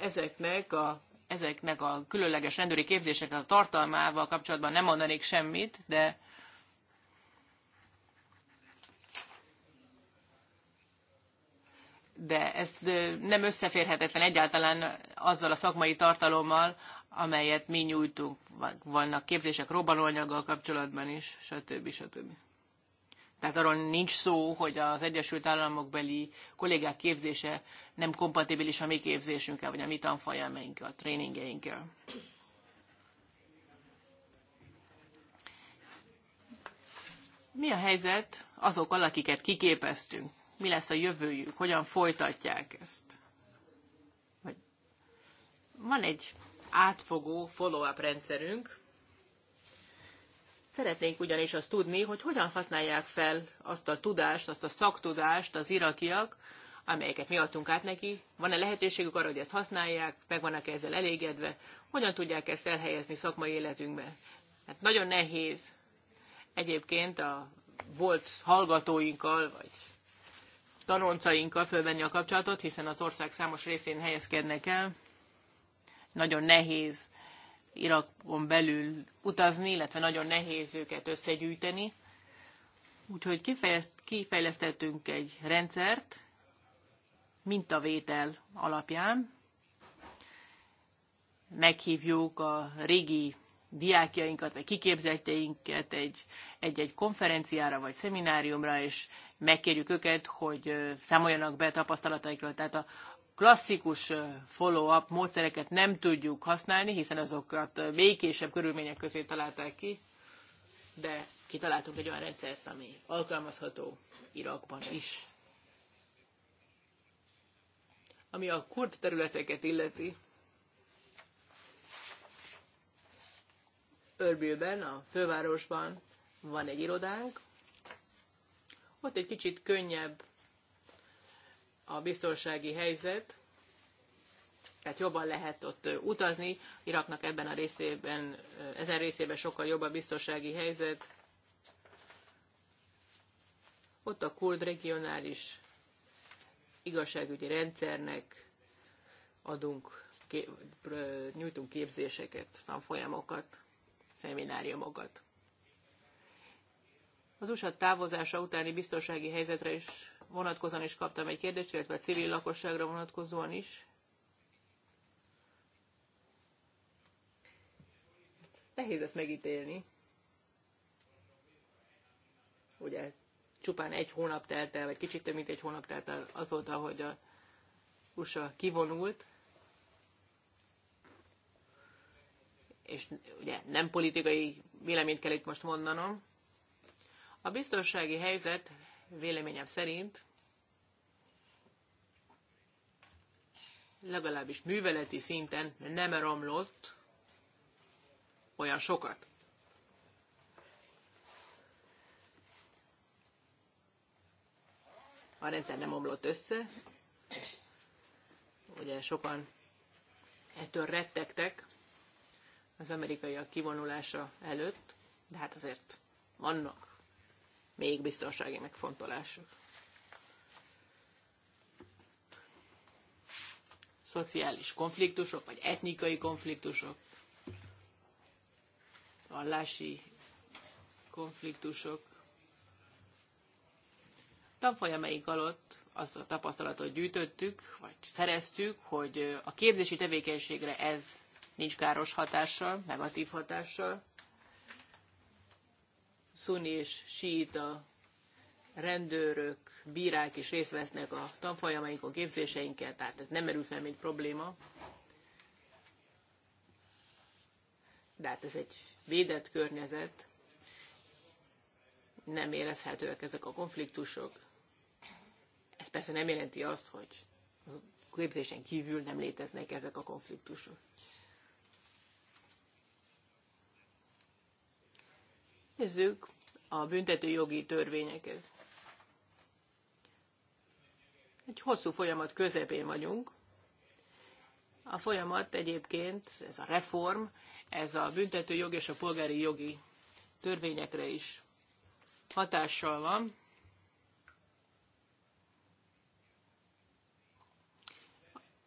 ezeknek a, ezeknek a különleges rendőri képzéseknek a tartalmával kapcsolatban nem mondanék semmit, de de ez nem összeférhetetlen egyáltalán azzal a szakmai tartalommal, amelyet mi nyújtunk. Vannak képzések robbanóanyaggal kapcsolatban is, stb. stb. Tehát arról nincs szó, hogy az Egyesült Államok beli kollégák képzése nem kompatibilis a mi képzésünkkel, vagy a mi tanfolyamainkkal, a tréningeinkkel. Mi a helyzet azokkal, akiket kiképeztünk? Mi lesz a jövőjük? Hogyan folytatják ezt? van egy átfogó follow-up rendszerünk. Szeretnénk ugyanis azt tudni, hogy hogyan használják fel azt a tudást, azt a szaktudást az irakiak, amelyeket mi adtunk át neki. Van-e lehetőségük arra, hogy ezt használják, meg vannak -e ezzel elégedve, hogyan tudják ezt elhelyezni szakmai életünkbe. Hát nagyon nehéz egyébként a volt hallgatóinkkal, vagy tanoncainkkal fölvenni a kapcsolatot, hiszen az ország számos részén helyezkednek el nagyon nehéz Irakon belül utazni, illetve nagyon nehéz őket összegyűjteni. Úgyhogy kifejlesztettünk egy rendszert mintavétel alapján. Meghívjuk a régi diákjainkat, vagy kiképzetteinket egy-egy konferenciára, vagy szemináriumra, és megkérjük őket, hogy számoljanak be tapasztalataikról. Tehát a, klasszikus follow-up módszereket nem tudjuk használni, hiszen azokat békésebb körülmények közé találták ki, de kitaláltunk egy olyan rendszert, ami alkalmazható Irakban is. Ami a kurd területeket illeti, Örbülben, a fővárosban van egy irodánk, ott egy kicsit könnyebb a biztonsági helyzet, tehát jobban lehet ott utazni. Iraknak ebben a részében, ezen részében sokkal jobb a biztonsági helyzet. Ott a kurd regionális igazságügyi rendszernek adunk, nyújtunk képzéseket, tanfolyamokat, szemináriumokat. Az USA távozása utáni biztonsági helyzetre is vonatkozóan is kaptam egy kérdést, illetve a civil lakosságra vonatkozóan is. Nehéz ezt megítélni. Ugye csupán egy hónap telt el, vagy kicsit több mint egy hónap telt el azóta, hogy a USA kivonult, és ugye nem politikai véleményt kell itt most mondanom. A biztonsági helyzet véleményem szerint legalábbis műveleti szinten nem romlott olyan sokat. A rendszer nem omlott össze, ugye sokan ettől rettegtek az amerikaiak kivonulása előtt, de hát azért vannak még biztonsági megfontolások. Szociális konfliktusok, vagy etnikai konfliktusok, vallási konfliktusok. Tanfolyamaink alatt azt a tapasztalatot gyűjtöttük, vagy szereztük, hogy a képzési tevékenységre ez nincs káros hatással, negatív hatással, szuni és síita rendőrök, bírák is részt vesznek a tanfolyamainkon, képzéseinkkel, tehát ez nem merül fel, mint probléma. De hát ez egy védett környezet, nem érezhetőek ezek a konfliktusok. Ez persze nem jelenti azt, hogy a képzésen kívül nem léteznek ezek a konfliktusok. Nézzük a büntetőjogi törvényeket. Egy hosszú folyamat közepén vagyunk. A folyamat egyébként, ez a reform, ez a büntetőjog és a polgári jogi törvényekre is hatással van.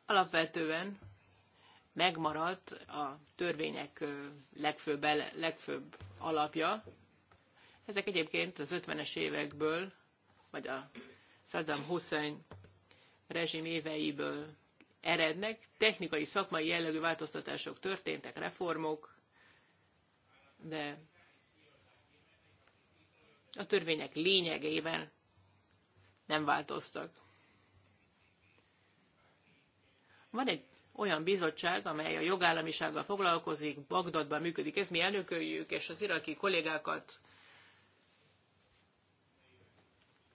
Alapvetően megmaradt a törvények legfőbb, legfőbb alapja, ezek egyébként az 50-es évekből, vagy a Saddam Hussein rezsim éveiből erednek. Technikai, szakmai jellegű változtatások történtek, reformok, de a törvények lényegében nem változtak. Van egy olyan bizottság, amely a jogállamisággal foglalkozik, Bagdadban működik, ez mi elnököljük, és az iraki kollégákat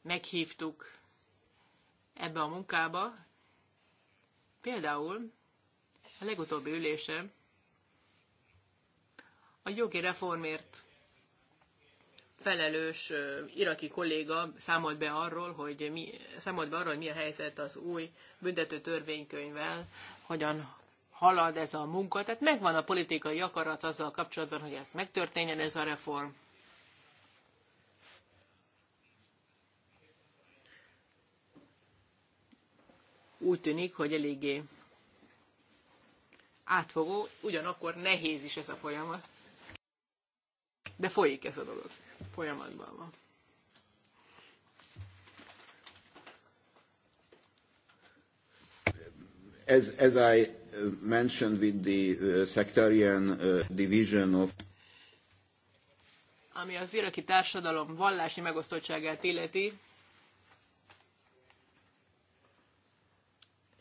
meghívtuk ebbe a munkába. Például a legutóbbi ülése a jogi reformért felelős iraki kolléga számolt be arról, hogy mi, számolt be arról, hogy mi a helyzet az új büntető törvénykönyvvel, hogyan halad ez a munka. Tehát megvan a politikai akarat azzal kapcsolatban, hogy ez megtörténjen, ez a reform. úgy tűnik, hogy eléggé átfogó, ugyanakkor nehéz is ez a folyamat. De folyik ez a dolog. Folyamatban van. As, as I uh, mentioned with the uh, sectarian uh, division of ami az iraki társadalom vallási megosztottságát illeti,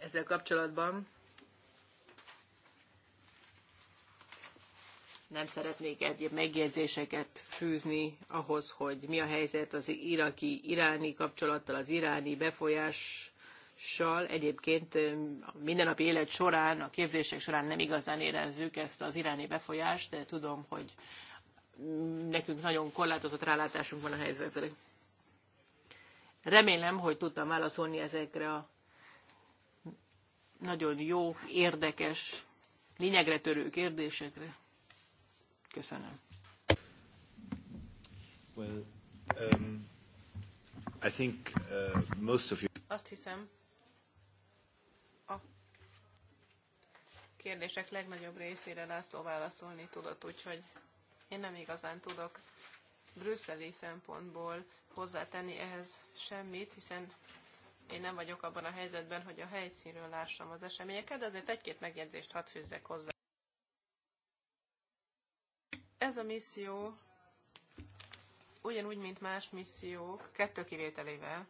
ezzel kapcsolatban nem szeretnék egyéb megjegyzéseket fűzni ahhoz, hogy mi a helyzet az iraki-iráni kapcsolattal, az iráni befolyással. Egyébként a mindennapi élet során, a képzések során nem igazán érezzük ezt az iráni befolyást, de tudom, hogy nekünk nagyon korlátozott rálátásunk van a helyzetre. Remélem, hogy tudtam válaszolni ezekre a nagyon jó, érdekes, lényegre törő kérdésekre. Köszönöm. Well, um, I think uh, most of you... Azt hiszem, a kérdések legnagyobb részére László válaszolni tudott, úgyhogy én nem igazán tudok brüsszeli szempontból hozzátenni ehhez semmit, hiszen én nem vagyok abban a helyzetben, hogy a helyszínről lássam az eseményeket, de azért egy-két megjegyzést hadd fűzzek hozzá. Ez a misszió ugyanúgy, mint más missziók, kettő kivételével,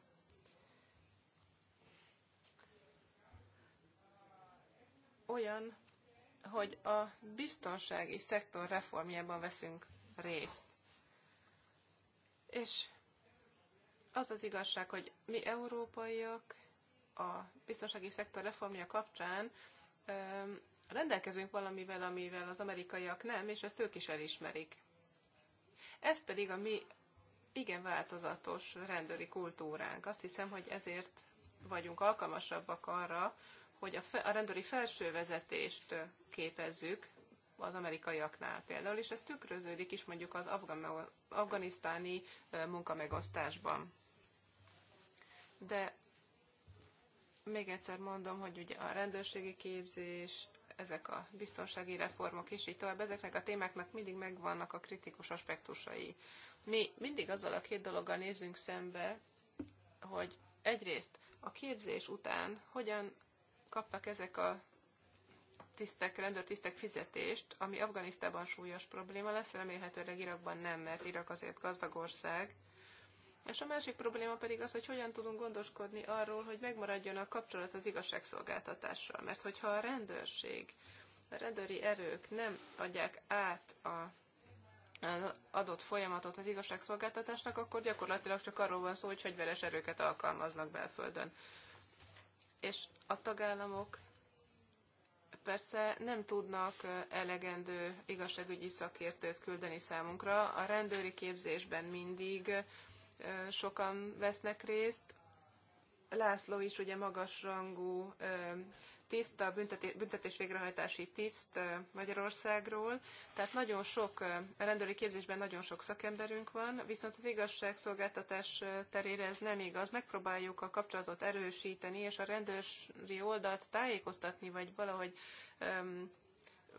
olyan, hogy a biztonsági szektor reformjában veszünk részt. És az az igazság, hogy mi európaiak a biztonsági szektor reformja kapcsán rendelkezünk valamivel, amivel az amerikaiak nem, és ezt ők is elismerik. Ez pedig a mi igen változatos rendőri kultúránk. Azt hiszem, hogy ezért vagyunk alkalmasabbak arra, hogy a, fe, a rendőri felsővezetést képezzük az amerikaiaknál például, és ez tükröződik is mondjuk az afgan, afganisztáni munkamegosztásban de még egyszer mondom, hogy ugye a rendőrségi képzés, ezek a biztonsági reformok és így tovább, ezeknek a témáknak mindig megvannak a kritikus aspektusai. Mi mindig azzal a két dologgal nézünk szembe, hogy egyrészt a képzés után hogyan kaptak ezek a tisztek, rendőrtisztek fizetést, ami Afganisztában súlyos probléma lesz, remélhetőleg Irakban nem, mert Irak azért gazdag ország, és a másik probléma pedig az, hogy hogyan tudunk gondoskodni arról, hogy megmaradjon a kapcsolat az igazságszolgáltatással. Mert hogyha a rendőrség, a rendőri erők nem adják át a az adott folyamatot az igazságszolgáltatásnak, akkor gyakorlatilag csak arról van szó, hogy fegyveres erőket alkalmaznak belföldön. És a tagállamok persze nem tudnak elegendő igazságügyi szakértőt küldeni számunkra. A rendőri képzésben mindig sokan vesznek részt. László is ugye magasrangú tiszta a büntetés végrehajtási tiszt Magyarországról. Tehát nagyon sok, a rendőri képzésben nagyon sok szakemberünk van, viszont az igazságszolgáltatás terére ez nem igaz. Megpróbáljuk a kapcsolatot erősíteni, és a rendőri oldalt tájékoztatni, vagy valahogy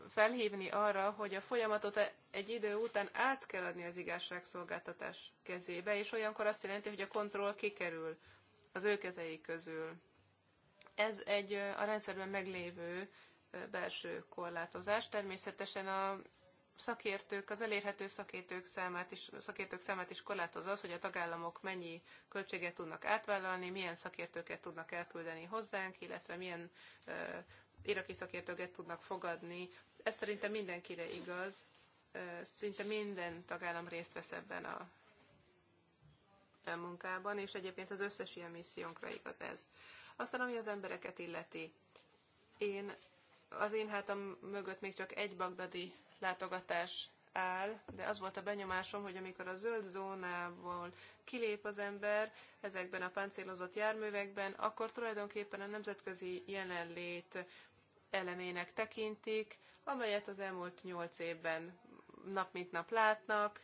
felhívni arra, hogy a folyamatot egy idő után át kell adni az igazságszolgáltatás kezébe, és olyankor azt jelenti, hogy a kontroll kikerül az ő kezei közül. Ez egy a rendszerben meglévő belső korlátozás. Természetesen a szakértők, az elérhető szakértők számát is, szakértők számát is korlátoz az, hogy a tagállamok mennyi költséget tudnak átvállalni, milyen szakértőket tudnak elküldeni hozzánk, illetve milyen iraki szakértőket tudnak fogadni ez szerintem mindenkire igaz. Szinte minden tagállam részt vesz ebben a munkában, és egyébként az összes ilyen missziónkra igaz ez. Aztán, ami az embereket illeti, én, az én hátam mögött még csak egy bagdadi látogatás áll, de az volt a benyomásom, hogy amikor a zöld zónából kilép az ember ezekben a páncélozott járművekben, akkor tulajdonképpen a nemzetközi jelenlét elemének tekintik, amelyet az elmúlt nyolc évben nap mint nap látnak,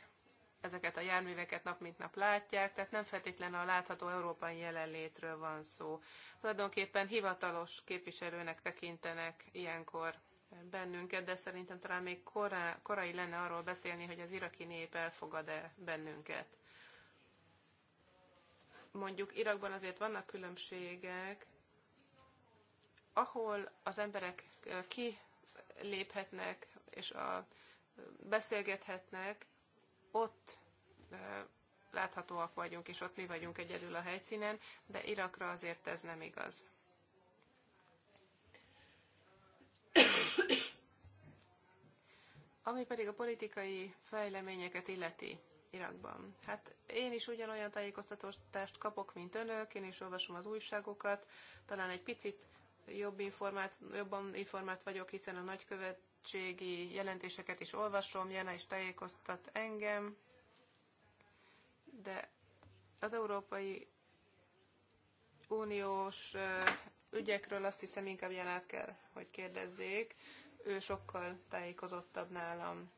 ezeket a járműveket nap mint nap látják, tehát nem feltétlenül a látható európai jelenlétről van szó. Tulajdonképpen hivatalos képviselőnek tekintenek ilyenkor bennünket, de szerintem talán még korá, korai lenne arról beszélni, hogy az iraki nép elfogad-e bennünket. Mondjuk Irakban azért vannak különbségek, ahol az emberek eh, ki léphetnek, és a, beszélgethetnek, ott láthatóak vagyunk, és ott mi vagyunk egyedül a helyszínen, de Irakra azért ez nem igaz. Ami pedig a politikai fejleményeket illeti Irakban. Hát én is ugyanolyan tájékoztatást kapok, mint önök, én is olvasom az újságokat, talán egy picit jobb informált, jobban informált vagyok, hiszen a nagykövetségi jelentéseket is olvasom, jelen is tájékoztat engem, de az Európai Uniós ügyekről azt hiszem inkább át kell, hogy kérdezzék. Ő sokkal tájékozottabb nálam.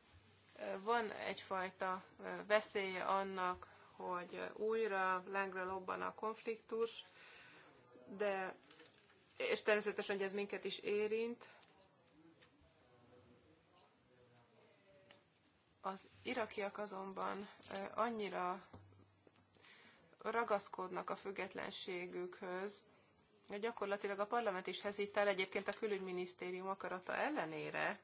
Van egyfajta veszélye annak, hogy újra lengre lobban a konfliktus, de és természetesen, hogy ez minket is érint. Az irakiak azonban annyira ragaszkodnak a függetlenségükhöz, gyakorlatilag a parlament is hezitál, egyébként a külügyminisztérium akarata ellenére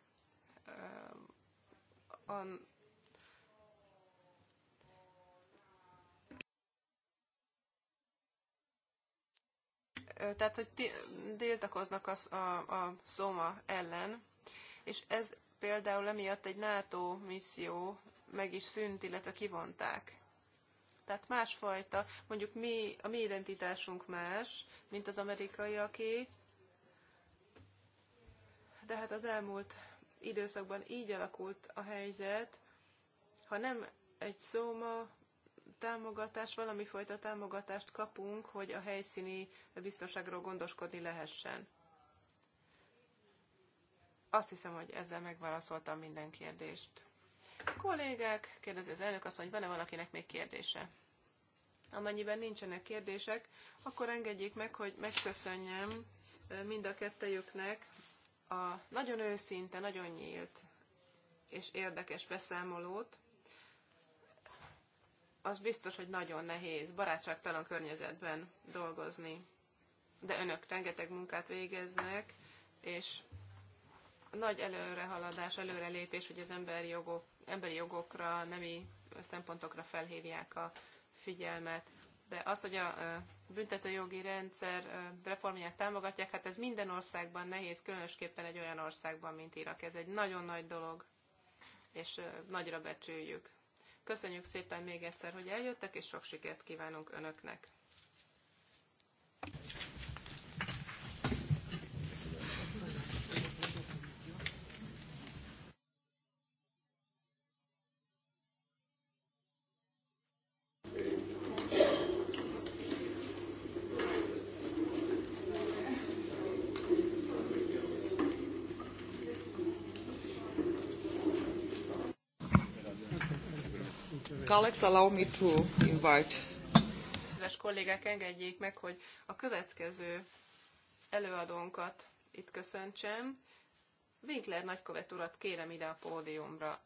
tehát hogy tiltakoznak a, a, a szoma ellen, és ez például emiatt egy NATO misszió meg is szűnt, illetve kivonták. Tehát másfajta, mondjuk mi, a mi identitásunk más, mint az amerikaiaké, de hát az elmúlt időszakban így alakult a helyzet, ha nem egy szóma támogatást, valami fajta támogatást kapunk, hogy a helyszíni biztonságról gondoskodni lehessen. Azt hiszem, hogy ezzel megválaszoltam minden kérdést. Kollégák, kérdezi az elnök azt, hogy van-e valakinek még kérdése? Amennyiben nincsenek kérdések, akkor engedjék meg, hogy megköszönjem mind a kettejüknek a nagyon őszinte, nagyon nyílt és érdekes beszámolót az biztos, hogy nagyon nehéz barátságtalan környezetben dolgozni. De önök rengeteg munkát végeznek, és nagy előrehaladás, előrelépés, hogy az emberi, jogok, emberi jogokra, nemi szempontokra felhívják a figyelmet. De az, hogy a büntetőjogi rendszer reformját támogatják, hát ez minden országban nehéz, különösképpen egy olyan országban, mint Irak. Ez egy nagyon nagy dolog, és nagyra becsüljük. Köszönjük szépen még egyszer, hogy eljöttek, és sok sikert kívánunk Önöknek! colleagues, allow me to invite. Kedves kollégák, engedjék meg, hogy a következő előadónkat itt köszöntsem. Winkler nagykövet urat kérem ide a pódiumra.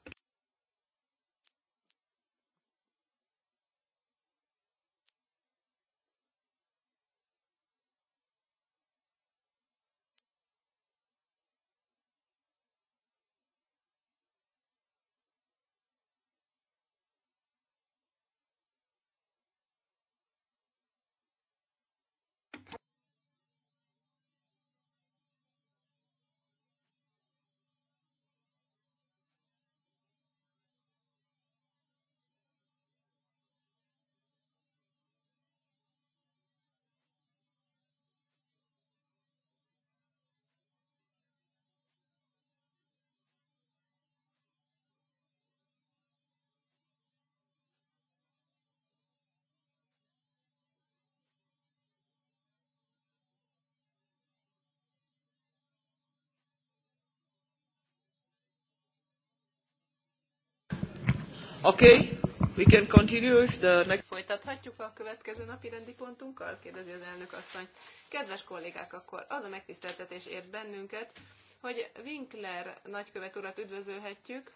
Okay, we can continue if the next... Folytathatjuk a következő napi rendi pontunkkal? Kérdezi az elnök asszony. Kedves kollégák, akkor az a megtiszteltetés ért bennünket, hogy Winkler nagykövet urat üdvözölhetjük,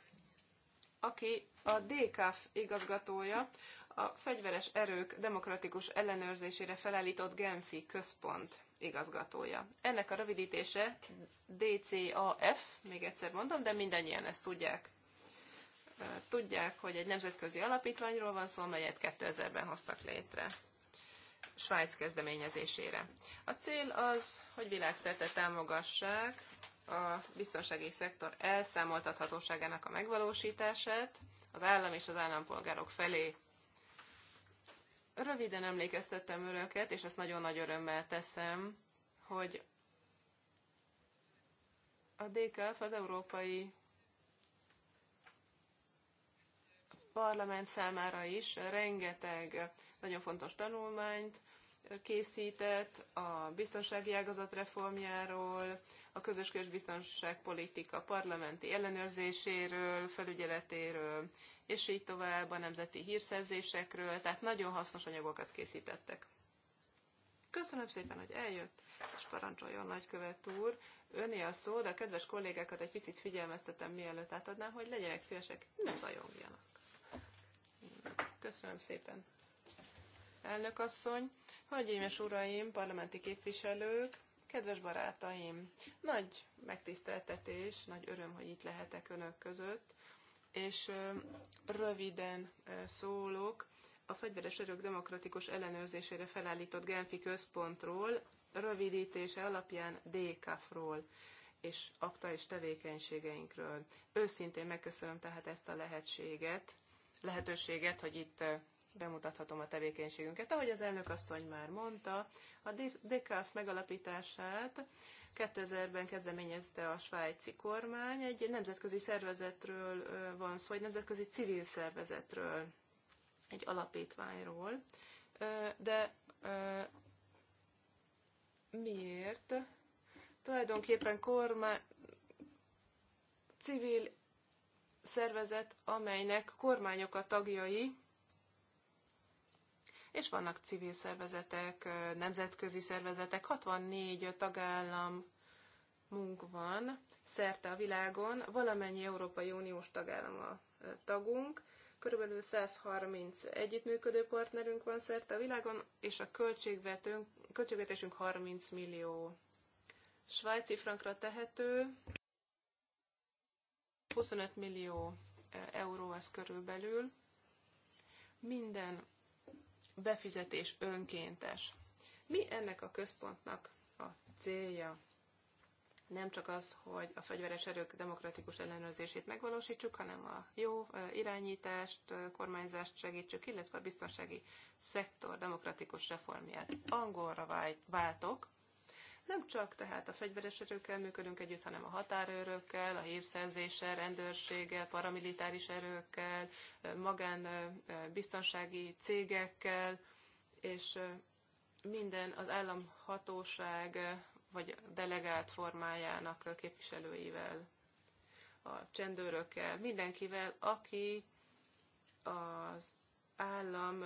aki a DKF igazgatója, a Fegyveres Erők Demokratikus Ellenőrzésére felállított Genfi Központ igazgatója. Ennek a rövidítése DCAF, még egyszer mondom, de mindannyian ezt tudják tudják, hogy egy nemzetközi alapítványról van szó, amelyet 2000-ben hoztak létre. Svájc kezdeményezésére. A cél az, hogy világszerte támogassák a biztonsági szektor elszámoltathatóságának a megvalósítását az állam és az állampolgárok felé. Röviden emlékeztettem önöket, és ezt nagyon nagy örömmel teszem, hogy a DKF az Európai parlament számára is rengeteg nagyon fontos tanulmányt készített a biztonsági ágazat reformjáról, a közös közbiztonságpolitika parlamenti ellenőrzéséről, felügyeletéről, és így tovább a nemzeti hírszerzésekről, tehát nagyon hasznos anyagokat készítettek. Köszönöm szépen, hogy eljött, és parancsoljon nagykövet úr. Öné a szó, de a kedves kollégákat egy picit figyelmeztetem, mielőtt átadnám, hogy legyenek szívesek, ne zajongjanak. Köszönöm szépen. Elnök asszony, hölgyeim és uraim, parlamenti képviselők, kedves barátaim, nagy megtiszteltetés, nagy öröm, hogy itt lehetek önök között, és röviden szólok a fegyveres örök demokratikus ellenőrzésére felállított Genfi központról, rövidítése alapján DKF-ról és aktuális tevékenységeinkről. Őszintén megköszönöm tehát ezt a lehetséget, lehetőséget, hogy itt bemutathatom a tevékenységünket. Ahogy az elnök asszony már mondta, a DECAF megalapítását 2000-ben kezdeményezte a svájci kormány. Egy nemzetközi szervezetről van szó, egy nemzetközi civil szervezetről, egy alapítványról. De miért? Tulajdonképpen kormány, civil szervezet, amelynek kormányok a tagjai, és vannak civil szervezetek, nemzetközi szervezetek, 64 tagállam munk van szerte a világon, valamennyi Európai Uniós tagállam a tagunk, körülbelül 130 együttműködő partnerünk van szerte a világon, és a költségvetésünk 30 millió svájci frankra tehető. 25 millió e, euró az körülbelül. Minden befizetés önkéntes. Mi ennek a központnak a célja? Nem csak az, hogy a fegyveres erők demokratikus ellenőrzését megvalósítsuk, hanem a jó e, irányítást, e, kormányzást segítsük, illetve a biztonsági szektor demokratikus reformját. Angolra váltok, nem csak tehát a fegyveres erőkkel működünk együtt, hanem a határőrökkel, a hírszerzéssel, rendőrséggel, paramilitáris erőkkel, magán biztonsági cégekkel, és minden az államhatóság vagy delegált formájának képviselőivel, a csendőrökkel, mindenkivel, aki az állam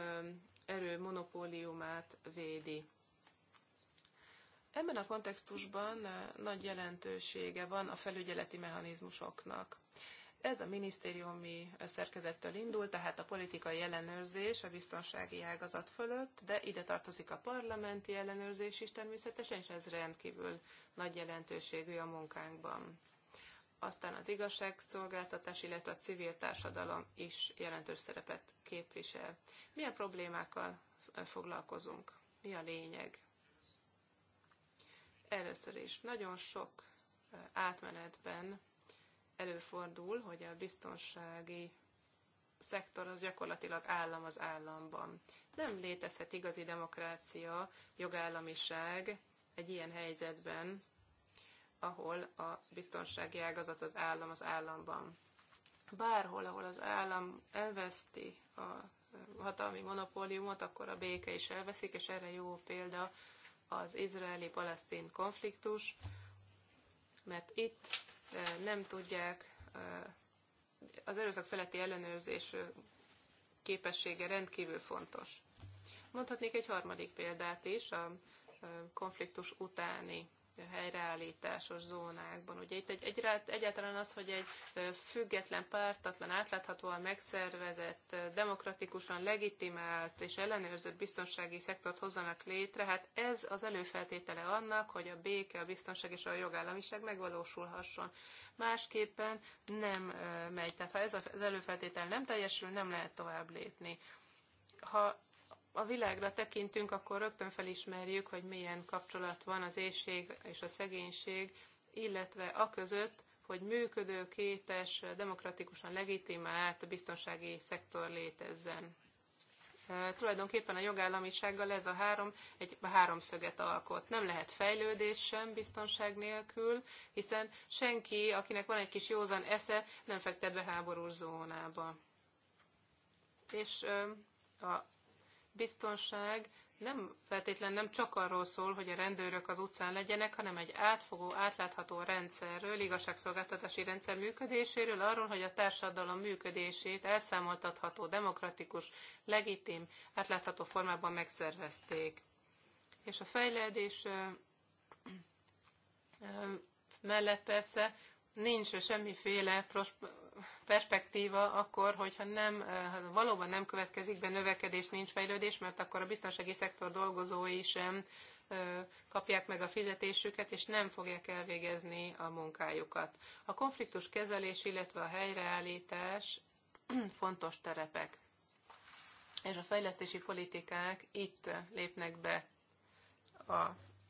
erő monopóliumát védi. Ebben a kontextusban eh, nagy jelentősége van a felügyeleti mechanizmusoknak. Ez a minisztériumi szerkezettől indul, tehát a politikai ellenőrzés a biztonsági ágazat fölött, de ide tartozik a parlamenti ellenőrzés is természetesen, és ez rendkívül nagy jelentőségű a munkánkban. Aztán az igazságszolgáltatás, illetve a civil társadalom is jelentős szerepet képvisel. Milyen problémákkal eh, foglalkozunk? Mi a lényeg? Először is nagyon sok átmenetben előfordul, hogy a biztonsági szektor az gyakorlatilag állam az államban. Nem létezhet igazi demokrácia, jogállamiság egy ilyen helyzetben, ahol a biztonsági ágazat az állam az államban. Bárhol, ahol az állam elveszti a hatalmi monopóliumot, akkor a béke is elveszik, és erre jó példa az izraeli palesztin konfliktus, mert itt nem tudják az erőszak feletti ellenőrzés képessége rendkívül fontos. Mondhatnék egy harmadik példát is a konfliktus utáni helyreállításos zónákban. Ugye itt egy, egy, egyáltalán az, hogy egy független, pártatlan, átláthatóan megszervezett, demokratikusan legitimált és ellenőrzött biztonsági szektort hozzanak létre, hát ez az előfeltétele annak, hogy a béke, a biztonság és a jogállamiság megvalósulhasson. Másképpen nem megy. Tehát ha ez az előfeltétel nem teljesül, nem lehet tovább lépni. Ha a világra tekintünk, akkor rögtön felismerjük, hogy milyen kapcsolat van az éjség és a szegénység, illetve a között, hogy működő, képes, demokratikusan legitimált biztonsági szektor létezzen. E, tulajdonképpen a jogállamisággal ez a három egy háromszöget alkot. Nem lehet fejlődés sem biztonság nélkül, hiszen senki, akinek van egy kis józan esze, nem fektet be háborús zónába. És e, a biztonság nem feltétlen nem csak arról szól, hogy a rendőrök az utcán legyenek, hanem egy átfogó, átlátható rendszerről, igazságszolgáltatási rendszer működéséről, arról, hogy a társadalom működését elszámoltatható, demokratikus, legitim, átlátható formában megszervezték. És a fejlődés mellett persze nincs semmiféle prosp- perspektíva akkor, hogyha nem, eh, valóban nem következik be növekedés, nincs fejlődés, mert akkor a biztonsági szektor dolgozói sem eh, kapják meg a fizetésüket, és nem fogják elvégezni a munkájukat. A konfliktus kezelés, illetve a helyreállítás fontos terepek. És a fejlesztési politikák itt lépnek be a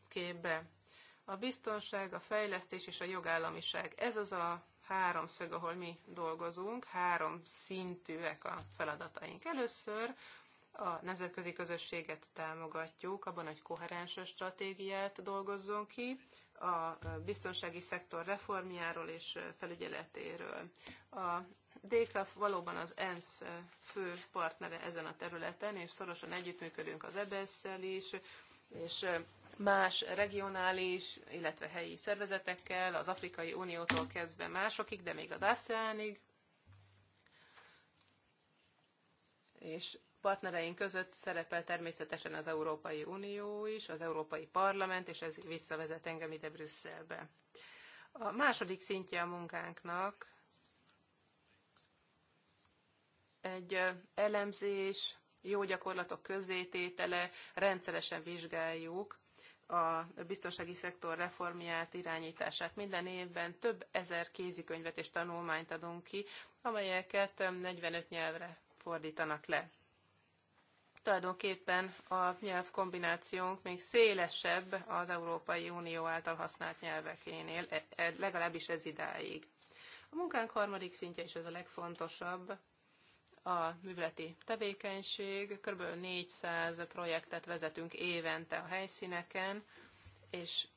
képbe. A biztonság, a fejlesztés és a jogállamiság. Ez az a háromszög, ahol mi dolgozunk, három szintűek a feladataink. Először a nemzetközi közösséget támogatjuk, abban, egy koherens stratégiát dolgozzon ki, a biztonsági szektor reformjáról és felügyeletéről. A DKF valóban az ENSZ fő partnere ezen a területen, és szorosan együttműködünk az ebesz is, és más regionális, illetve helyi szervezetekkel, az Afrikai Uniótól kezdve másokig, de még az ASEANig, és partnereink között szerepel természetesen az Európai Unió is, az Európai Parlament, és ez visszavezet engem ide Brüsszelbe. A második szintje a munkánknak egy elemzés, jó gyakorlatok közzététele, rendszeresen vizsgáljuk a biztonsági szektor reformját, irányítását. Minden évben több ezer kézikönyvet és tanulmányt adunk ki, amelyeket 45 nyelvre fordítanak le. Tulajdonképpen a nyelvkombinációnk még szélesebb az Európai Unió által használt nyelvekénél, e, e, legalábbis ez idáig. A munkánk harmadik szintje is az a legfontosabb, a műveleti tevékenység. Kb. 400 projektet vezetünk évente a helyszíneken, és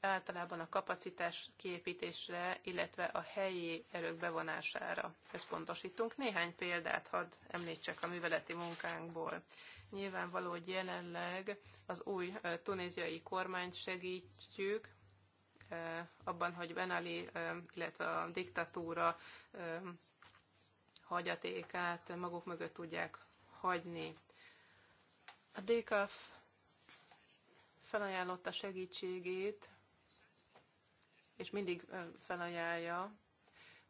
általában a kapacitás kiépítésre, illetve a helyi erők bevonására összpontosítunk. Néhány példát hadd említsek a műveleti munkánkból. Nyilvánvaló, hogy jelenleg az új tunéziai kormányt segítjük, abban, hogy Benali, illetve a diktatúra hagyatékát maguk mögött tudják hagyni. A DKF felajánlotta segítségét, és mindig felajánlja.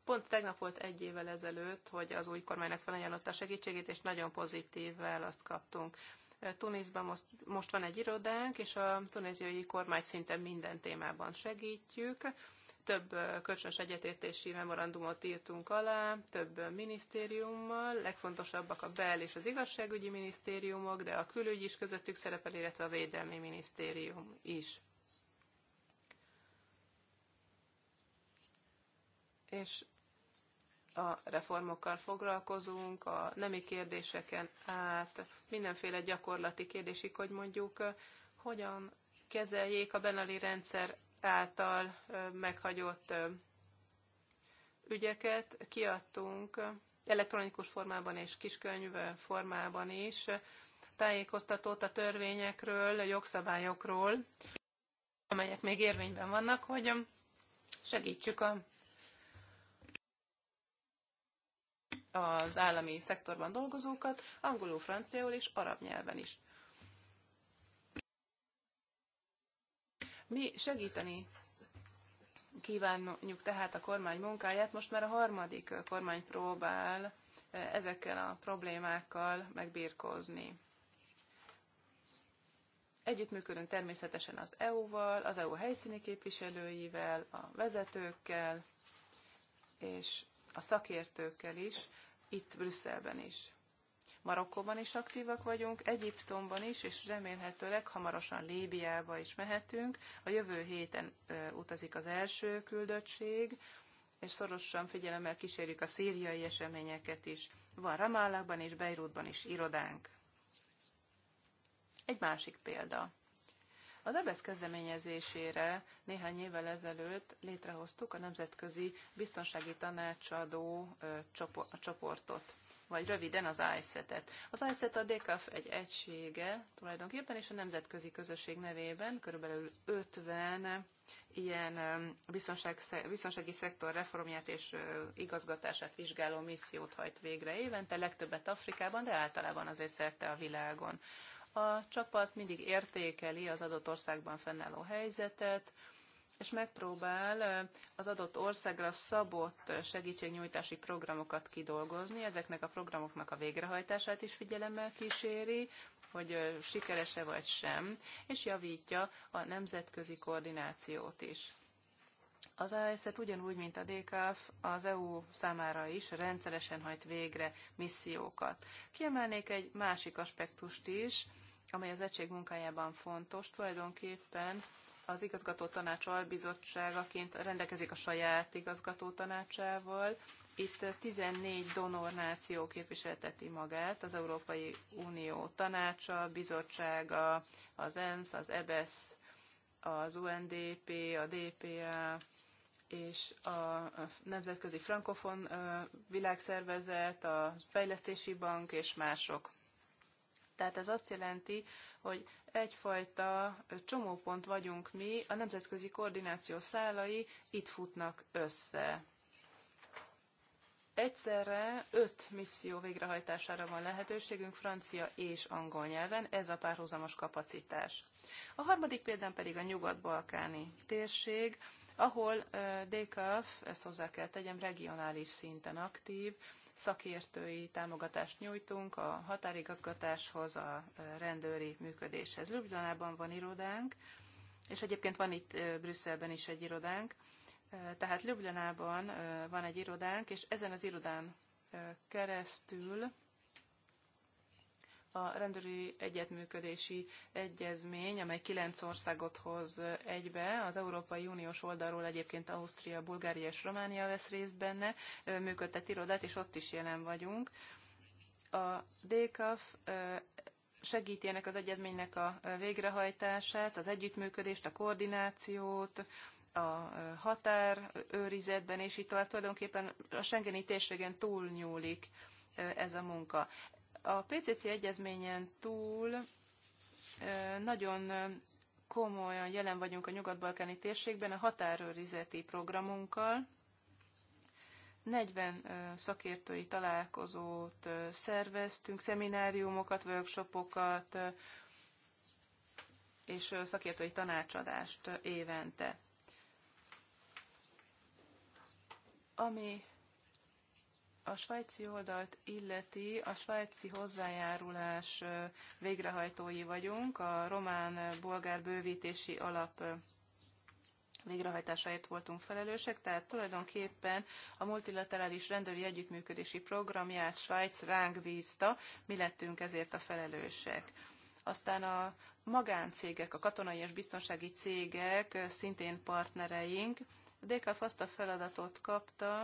Pont tegnap volt egy évvel ezelőtt, hogy az új kormánynak felajánlotta segítségét, és nagyon pozitív választ kaptunk. Tunisban most, most van egy irodánk, és a tunéziai kormány szinte minden témában segítjük több kölcsönös egyetértési memorandumot írtunk alá, több minisztériummal, legfontosabbak a bel- és az igazságügyi minisztériumok, de a külügy is közöttük szerepel, illetve a védelmi minisztérium is. És a reformokkal foglalkozunk, a nemi kérdéseken át, mindenféle gyakorlati kérdésig, hogy mondjuk hogyan kezeljék a benali rendszer által meghagyott ügyeket kiadtunk elektronikus formában és kiskönyv formában is tájékoztatót a törvényekről, a jogszabályokról, amelyek még érvényben vannak, hogy segítsük a, az állami szektorban dolgozókat, angolul, franciául és arab nyelven is. Mi segíteni kívánjuk tehát a kormány munkáját. Most már a harmadik kormány próbál ezekkel a problémákkal megbírkozni. Együttműködünk természetesen az EU-val, az EU helyszíni képviselőivel, a vezetőkkel és a szakértőkkel is, itt Brüsszelben is. Marokkóban is aktívak vagyunk, Egyiptomban is, és remélhetőleg hamarosan Líbiába is mehetünk. A jövő héten utazik az első küldöttség, és szorosan figyelemmel kísérjük a szíriai eseményeket is. Van Ramallahban és Beirutban is irodánk. Egy másik példa. Az EBSZ kezdeményezésére néhány évvel ezelőtt létrehoztuk a Nemzetközi Biztonsági Tanácsadó csoportot vagy röviden az ISET-et. Az ISET a DECAF egy egysége tulajdonképpen, és a nemzetközi közösség nevében körülbelül 50 ilyen um, biztonság, biztonsági szektor reformját és igazgatását vizsgáló missziót hajt végre évente, legtöbbet Afrikában, de általában azért szerte a világon. A csapat mindig értékeli az adott országban fennálló helyzetet, és megpróbál az adott országra szabott segítségnyújtási programokat kidolgozni, ezeknek a programoknak a végrehajtását is figyelemmel kíséri, hogy sikerese vagy sem, és javítja a nemzetközi koordinációt is. Az ASZ-et ugyanúgy, mint a DKF az EU számára is rendszeresen hajt végre missziókat. Kiemelnék egy másik aspektust is, amely az egység munkájában fontos, tulajdonképpen az igazgató tanács albizottságaként rendelkezik a saját igazgató tanácsával. Itt 14 donornáció képviselteti magát, az Európai Unió tanácsa, bizottsága, az ENSZ, az EBS, e az UNDP, a DPA, és a Nemzetközi Frankofon Világszervezet, a Fejlesztési Bank és mások. Tehát ez azt jelenti, hogy egyfajta csomópont vagyunk mi, a nemzetközi koordináció szálai itt futnak össze. Egyszerre öt misszió végrehajtására van lehetőségünk francia és angol nyelven, ez a párhuzamos kapacitás. A harmadik példán pedig a nyugat-balkáni térség, ahol eh, DKF, ezt hozzá kell tegyem, regionális szinten aktív, szakértői támogatást nyújtunk a határigazgatáshoz, a rendőri működéshez. Ljubljanában van irodánk, és egyébként van itt Brüsszelben is egy irodánk. Tehát Ljubljanában van egy irodánk, és ezen az irodán keresztül a rendőri egyetműködési egyezmény, amely kilenc országot hoz egybe, az Európai Uniós oldalról egyébként Ausztria, Bulgária és Románia vesz részt benne, működtet irodát, és ott is jelen vagyunk. A DKF segíti ennek az egyezménynek a végrehajtását, az együttműködést, a koordinációt, a határőrizetben, és itt tovább tulajdonképpen a Schengeni térségen túlnyúlik ez a munka. A PCC egyezményen túl nagyon komolyan jelen vagyunk a nyugat-balkáni térségben a határőrizeti programunkkal. 40 szakértői találkozót szerveztünk, szemináriumokat, workshopokat és szakértői tanácsadást évente. Ami a svájci oldalt illeti, a svájci hozzájárulás végrehajtói vagyunk, a román-bolgár bővítési alap végrehajtásáért voltunk felelősek, tehát tulajdonképpen a multilaterális rendőri együttműködési programját Svájc ránk bízta, mi lettünk ezért a felelősek. Aztán a magáncégek, a katonai és biztonsági cégek szintén partnereink. DKF azt a feladatot kapta,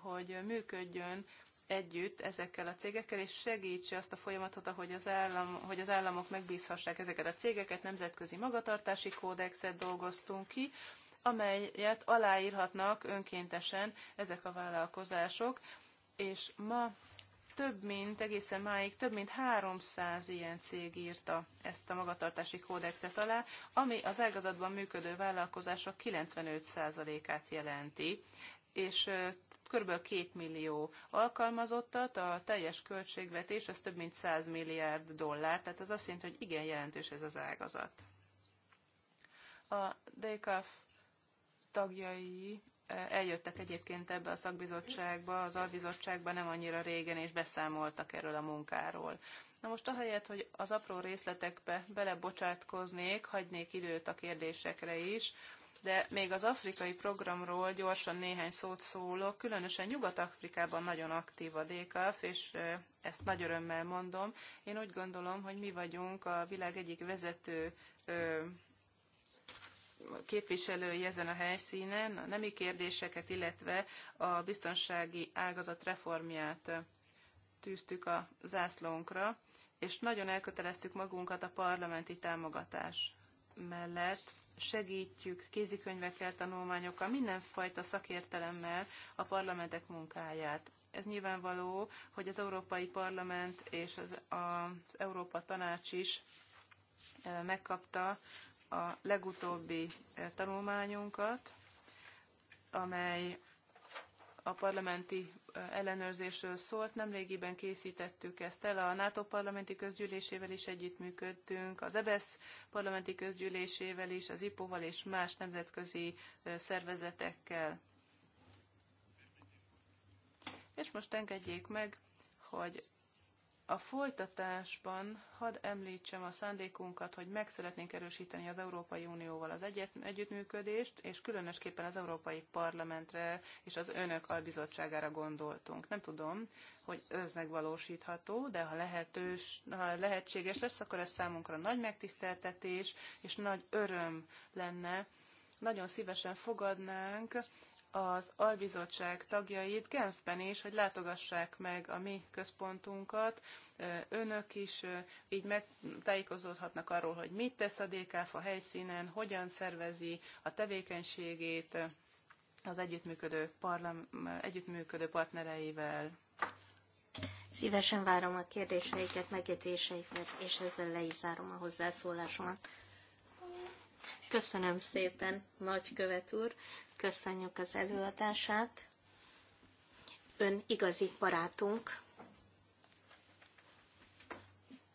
hogy működjön együtt ezekkel a cégekkel, és segítse azt a folyamatot, ahogy az állam, hogy az államok megbízhassák ezeket a cégeket. Nemzetközi magatartási kódexet dolgoztunk ki, amelyet aláírhatnak önkéntesen ezek a vállalkozások, és ma több mint, egészen máig több mint 300 ilyen cég írta ezt a magatartási kódexet alá, ami az ágazatban működő vállalkozások 95%-át jelenti és kb. 2 millió alkalmazottat, a teljes költségvetés az több mint 100 milliárd dollár, tehát az azt jelenti, hogy igen jelentős ez az ágazat. A DKF tagjai eljöttek egyébként ebbe a szakbizottságba, az albizottságba nem annyira régen, és beszámoltak erről a munkáról. Na most ahelyett, hogy az apró részletekbe belebocsátkoznék, hagynék időt a kérdésekre is, de még az afrikai programról gyorsan néhány szót szólok. Különösen Nyugat-Afrikában nagyon aktív a DKF, és ezt nagy örömmel mondom. Én úgy gondolom, hogy mi vagyunk a világ egyik vezető képviselői ezen a helyszínen, a nemi kérdéseket, illetve a biztonsági ágazat reformját tűztük a zászlónkra, és nagyon elköteleztük magunkat a parlamenti támogatás mellett segítjük kézikönyvekkel, tanulmányokkal, mindenfajta szakértelemmel a parlamentek munkáját. Ez nyilvánvaló, hogy az Európai Parlament és az, az Európa Tanács is megkapta a legutóbbi tanulmányunkat, amely a parlamenti ellenőrzésről szólt. Nemrégiben készítettük ezt el, a NATO parlamenti közgyűlésével is együttműködtünk, az EBS e parlamenti közgyűlésével is, az IPO-val és más nemzetközi szervezetekkel. És most engedjék meg, hogy a folytatásban hadd említsem a szándékunkat, hogy meg szeretnénk erősíteni az Európai Unióval az egyet, együttműködést, és különösképpen az Európai Parlamentre és az Önök albizottságára gondoltunk. Nem tudom, hogy ez megvalósítható, de ha, lehetős, ha lehetséges lesz, akkor ez számunkra nagy megtiszteltetés és nagy öröm lenne. Nagyon szívesen fogadnánk az albizottság tagjait Genfben is, hogy látogassák meg a mi központunkat. Önök is így megtájékozódhatnak arról, hogy mit tesz a DKF a helyszínen, hogyan szervezi a tevékenységét az együttműködő, parlam, együttműködő partnereivel. Szívesen várom a kérdéseiket, megjegyzéseiket, és ezzel le is zárom a hozzászólásomat. Köszönöm szépen, nagykövet úr, köszönjük az előadását. Ön igazi barátunk,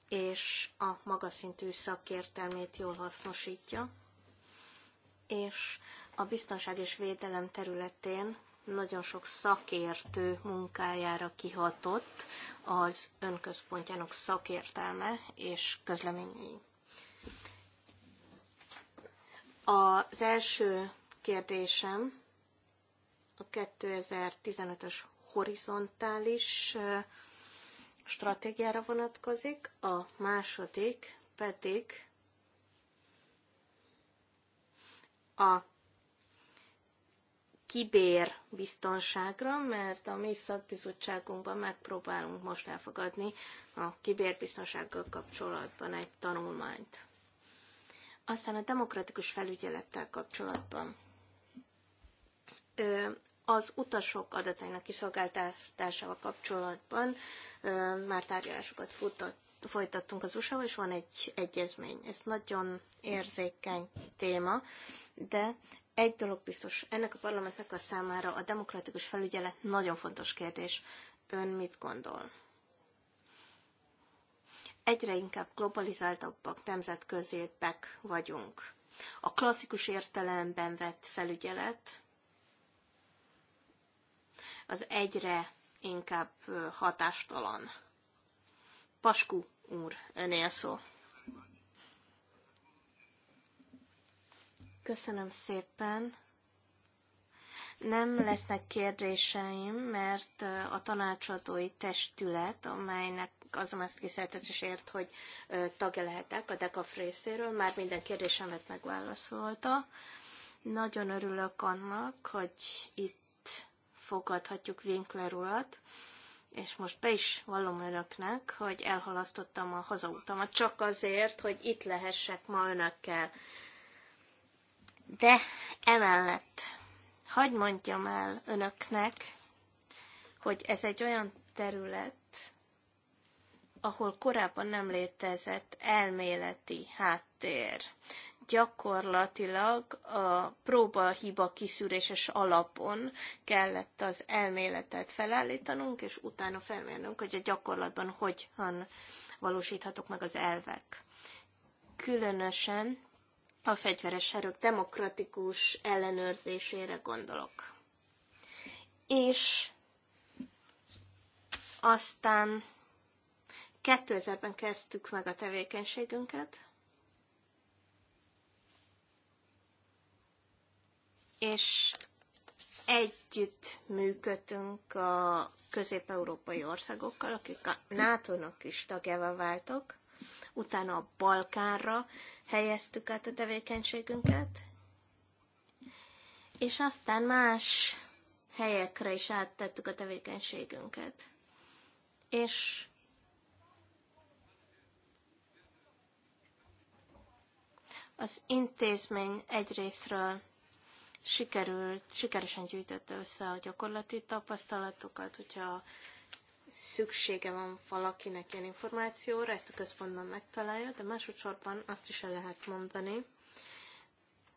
és a magaszintű szakértelmét jól hasznosítja, és a biztonság és védelem területén nagyon sok szakértő munkájára kihatott az önközpontjának szakértelme és közleményei. Az első kérdésem a 2015-ös horizontális stratégiára vonatkozik, a második pedig a biztonságra, mert a mi szakbizottságunkban megpróbálunk most elfogadni a kibérbiztonsággal kapcsolatban egy tanulmányt. Aztán a demokratikus felügyelettel kapcsolatban az utasok adatainak kiszolgáltatásával kapcsolatban már tárgyalásokat futott, folytattunk az usa és van egy egyezmény. Ez nagyon érzékeny téma, de egy dolog biztos, ennek a parlamentnek a számára a demokratikus felügyelet nagyon fontos kérdés. Ön mit gondol? egyre inkább globalizáltabbak, nemzetközépek vagyunk. A klasszikus értelemben vett felügyelet az egyre inkább hatástalan. Pasku úr, önél szó. Köszönöm szépen. Nem lesznek kérdéseim, mert a tanácsadói testület, amelynek is ért, hogy tagja lehetek a DECAF részéről. Már minden kérdésemet megválaszolta. Nagyon örülök annak, hogy itt fogadhatjuk Winkler urat, és most be is vallom önöknek, hogy elhalasztottam a hazautamat csak azért, hogy itt lehessek ma önökkel. De emellett, hagy mondjam el önöknek, hogy ez egy olyan terület, ahol korábban nem létezett elméleti háttér. Gyakorlatilag a próba-hiba kiszűréses alapon kellett az elméletet felállítanunk, és utána felmérnünk, hogy a gyakorlatban hogyan valósíthatok meg az elvek. Különösen a fegyveres erők demokratikus ellenőrzésére gondolok. És aztán 2000-ben kezdtük meg a tevékenységünket, és együtt működtünk a közép-európai országokkal, akik a NATO-nak is tagjával váltak. Utána a Balkánra helyeztük át a tevékenységünket, és aztán más helyekre is áttettük a tevékenységünket. És Az intézmény egyrésztről sikerült, sikeresen gyűjtötte össze a gyakorlati tapasztalatokat, hogyha szüksége van valakinek ilyen információra, ezt a központban megtalálja, de másodszorban azt is el lehet mondani,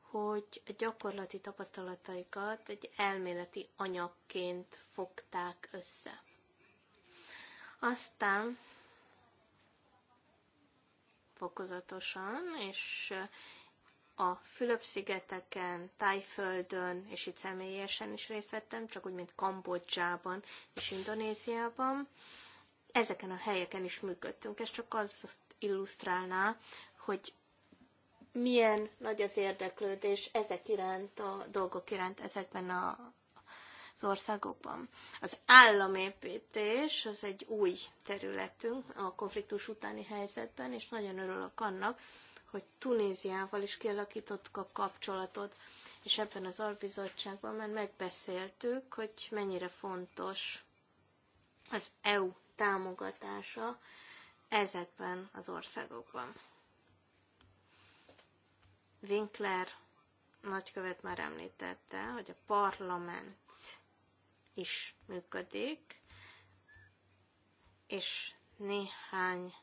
hogy a gyakorlati tapasztalataikat egy elméleti anyagként fogták össze. Aztán fokozatosan, és a Fülöp-szigeteken, Tájföldön, és itt személyesen is részt vettem, csak úgy, mint Kambodzsában és Indonéziában. Ezeken a helyeken is működtünk. Ez csak az illusztrálná, hogy milyen nagy az érdeklődés ezek iránt, a dolgok iránt ezekben a az országokban. Az államépítés az egy új területünk a konfliktus utáni helyzetben, és nagyon örülök annak, hogy Tunéziával is kialakítottuk a kapcsolatot, és ebben az albizottságban már megbeszéltük, hogy mennyire fontos az EU támogatása ezekben az országokban. Winkler nagykövet már említette, hogy a parlament is működik, és néhány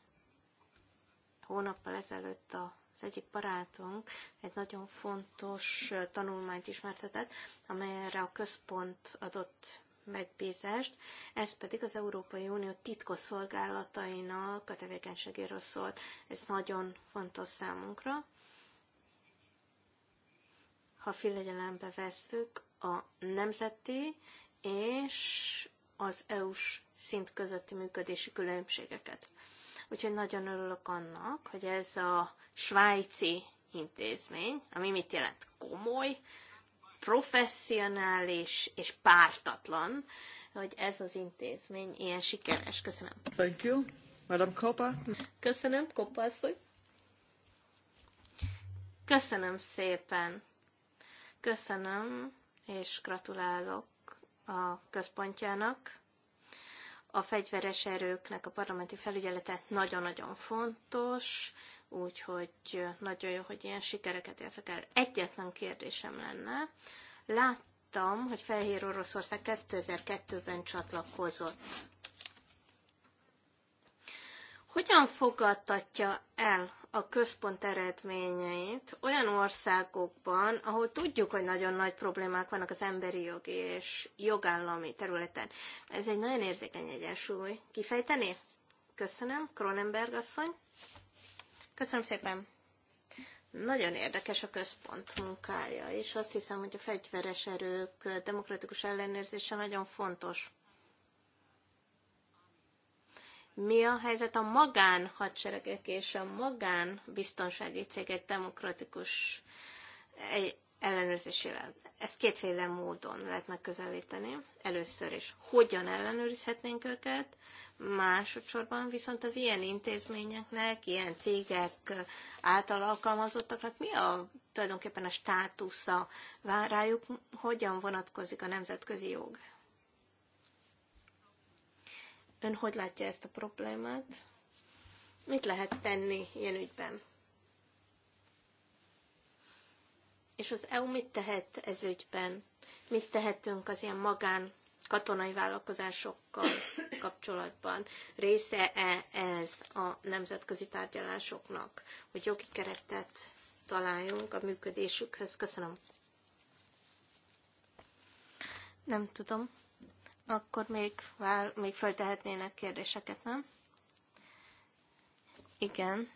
hónappal ezelőtt az egyik barátunk egy nagyon fontos tanulmányt ismertetett, amelyre a központ adott megbízást, ez pedig az Európai Unió szolgálatainak a tevékenységéről szólt. Ez nagyon fontos számunkra. Ha figyelembe vesszük a nemzeti és az EU-s szint közötti működési különbségeket. Úgyhogy nagyon örülök annak, hogy ez a svájci intézmény, ami mit jelent komoly, professzionális és pártatlan, hogy ez az intézmény ilyen sikeres. Köszönöm. Thank you. Madam Kopa. Köszönöm, Kopa asszony. Köszönöm szépen. Köszönöm, és gratulálok a központjának. A fegyveres erőknek a parlamenti felügyelete nagyon-nagyon fontos, úgyhogy nagyon jó, hogy ilyen sikereket értek el. Egyetlen kérdésem lenne. Láttam, hogy Fehér Oroszország 2002-ben csatlakozott. Hogyan fogadtatja el a központ eredményeit olyan országokban, ahol tudjuk, hogy nagyon nagy problémák vannak az emberi jogi és jogállami területen. Ez egy nagyon érzékeny egyensúly. Kifejteni? Köszönöm, Kronenberg asszony. Köszönöm szépen. Nagyon érdekes a központ munkája, és azt hiszem, hogy a fegyveres erők demokratikus ellenőrzése nagyon fontos mi a helyzet a magán hadseregek és a magán biztonsági cégek demokratikus eh, ellenőrzésével. Ezt kétféle módon lehet megközelíteni. Először is, hogyan ellenőrizhetnénk őket, másodszorban viszont az ilyen intézményeknek, ilyen cégek által alkalmazottaknak mi a tulajdonképpen a státusza rájuk, hogyan vonatkozik a nemzetközi jog? Ön hogy látja ezt a problémát? Mit lehet tenni ilyen ügyben? És az EU mit tehet ez ügyben? Mit tehetünk az ilyen magán katonai vállalkozásokkal kapcsolatban? Része-e ez a nemzetközi tárgyalásoknak, hogy jogi keretet találjunk a működésükhöz? Köszönöm. Nem tudom akkor még, vál, még föltehetnének kérdéseket, nem? Igen.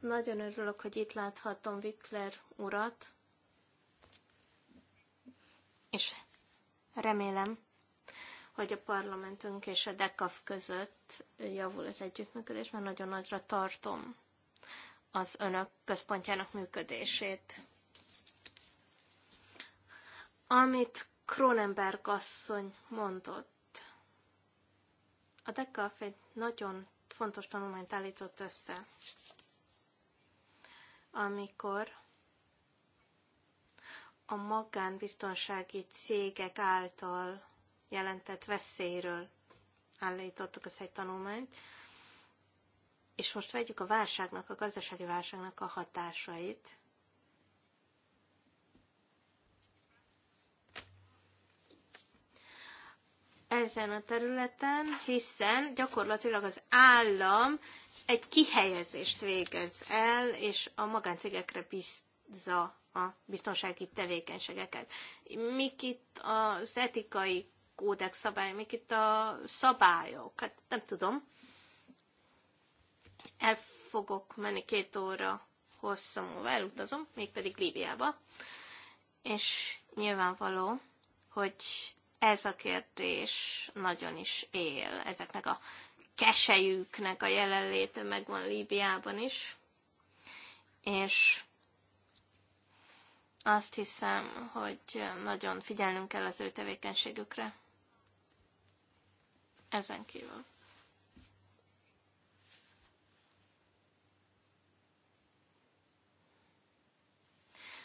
Nagyon örülök, hogy itt láthatom Wickler urat. És remélem, hogy a parlamentünk és a DECAF között javul az együttműködés, mert nagyon nagyra tartom az önök központjának működését. Amit Kronenberg asszony mondott. A dekaf egy nagyon fontos tanulmányt állított össze, amikor a magánbiztonsági cégek által jelentett veszélyről állítottak össze egy tanulmányt, és most vegyük a válságnak, a gazdasági válságnak a hatásait, ezen a területen, hiszen gyakorlatilag az állam egy kihelyezést végez el, és a magáncégekre bízza a biztonsági tevékenységeket. Mik itt az etikai kódex szabály, mik itt a szabályok? Hát nem tudom. El fogok menni két óra hosszú múlva, elutazom, mégpedig Líbiába. És nyilvánvaló, hogy ez a kérdés nagyon is él. Ezeknek a kesejüknek a jelenléte megvan Líbiában is. És azt hiszem, hogy nagyon figyelnünk kell az ő tevékenységükre. Ezen kívül.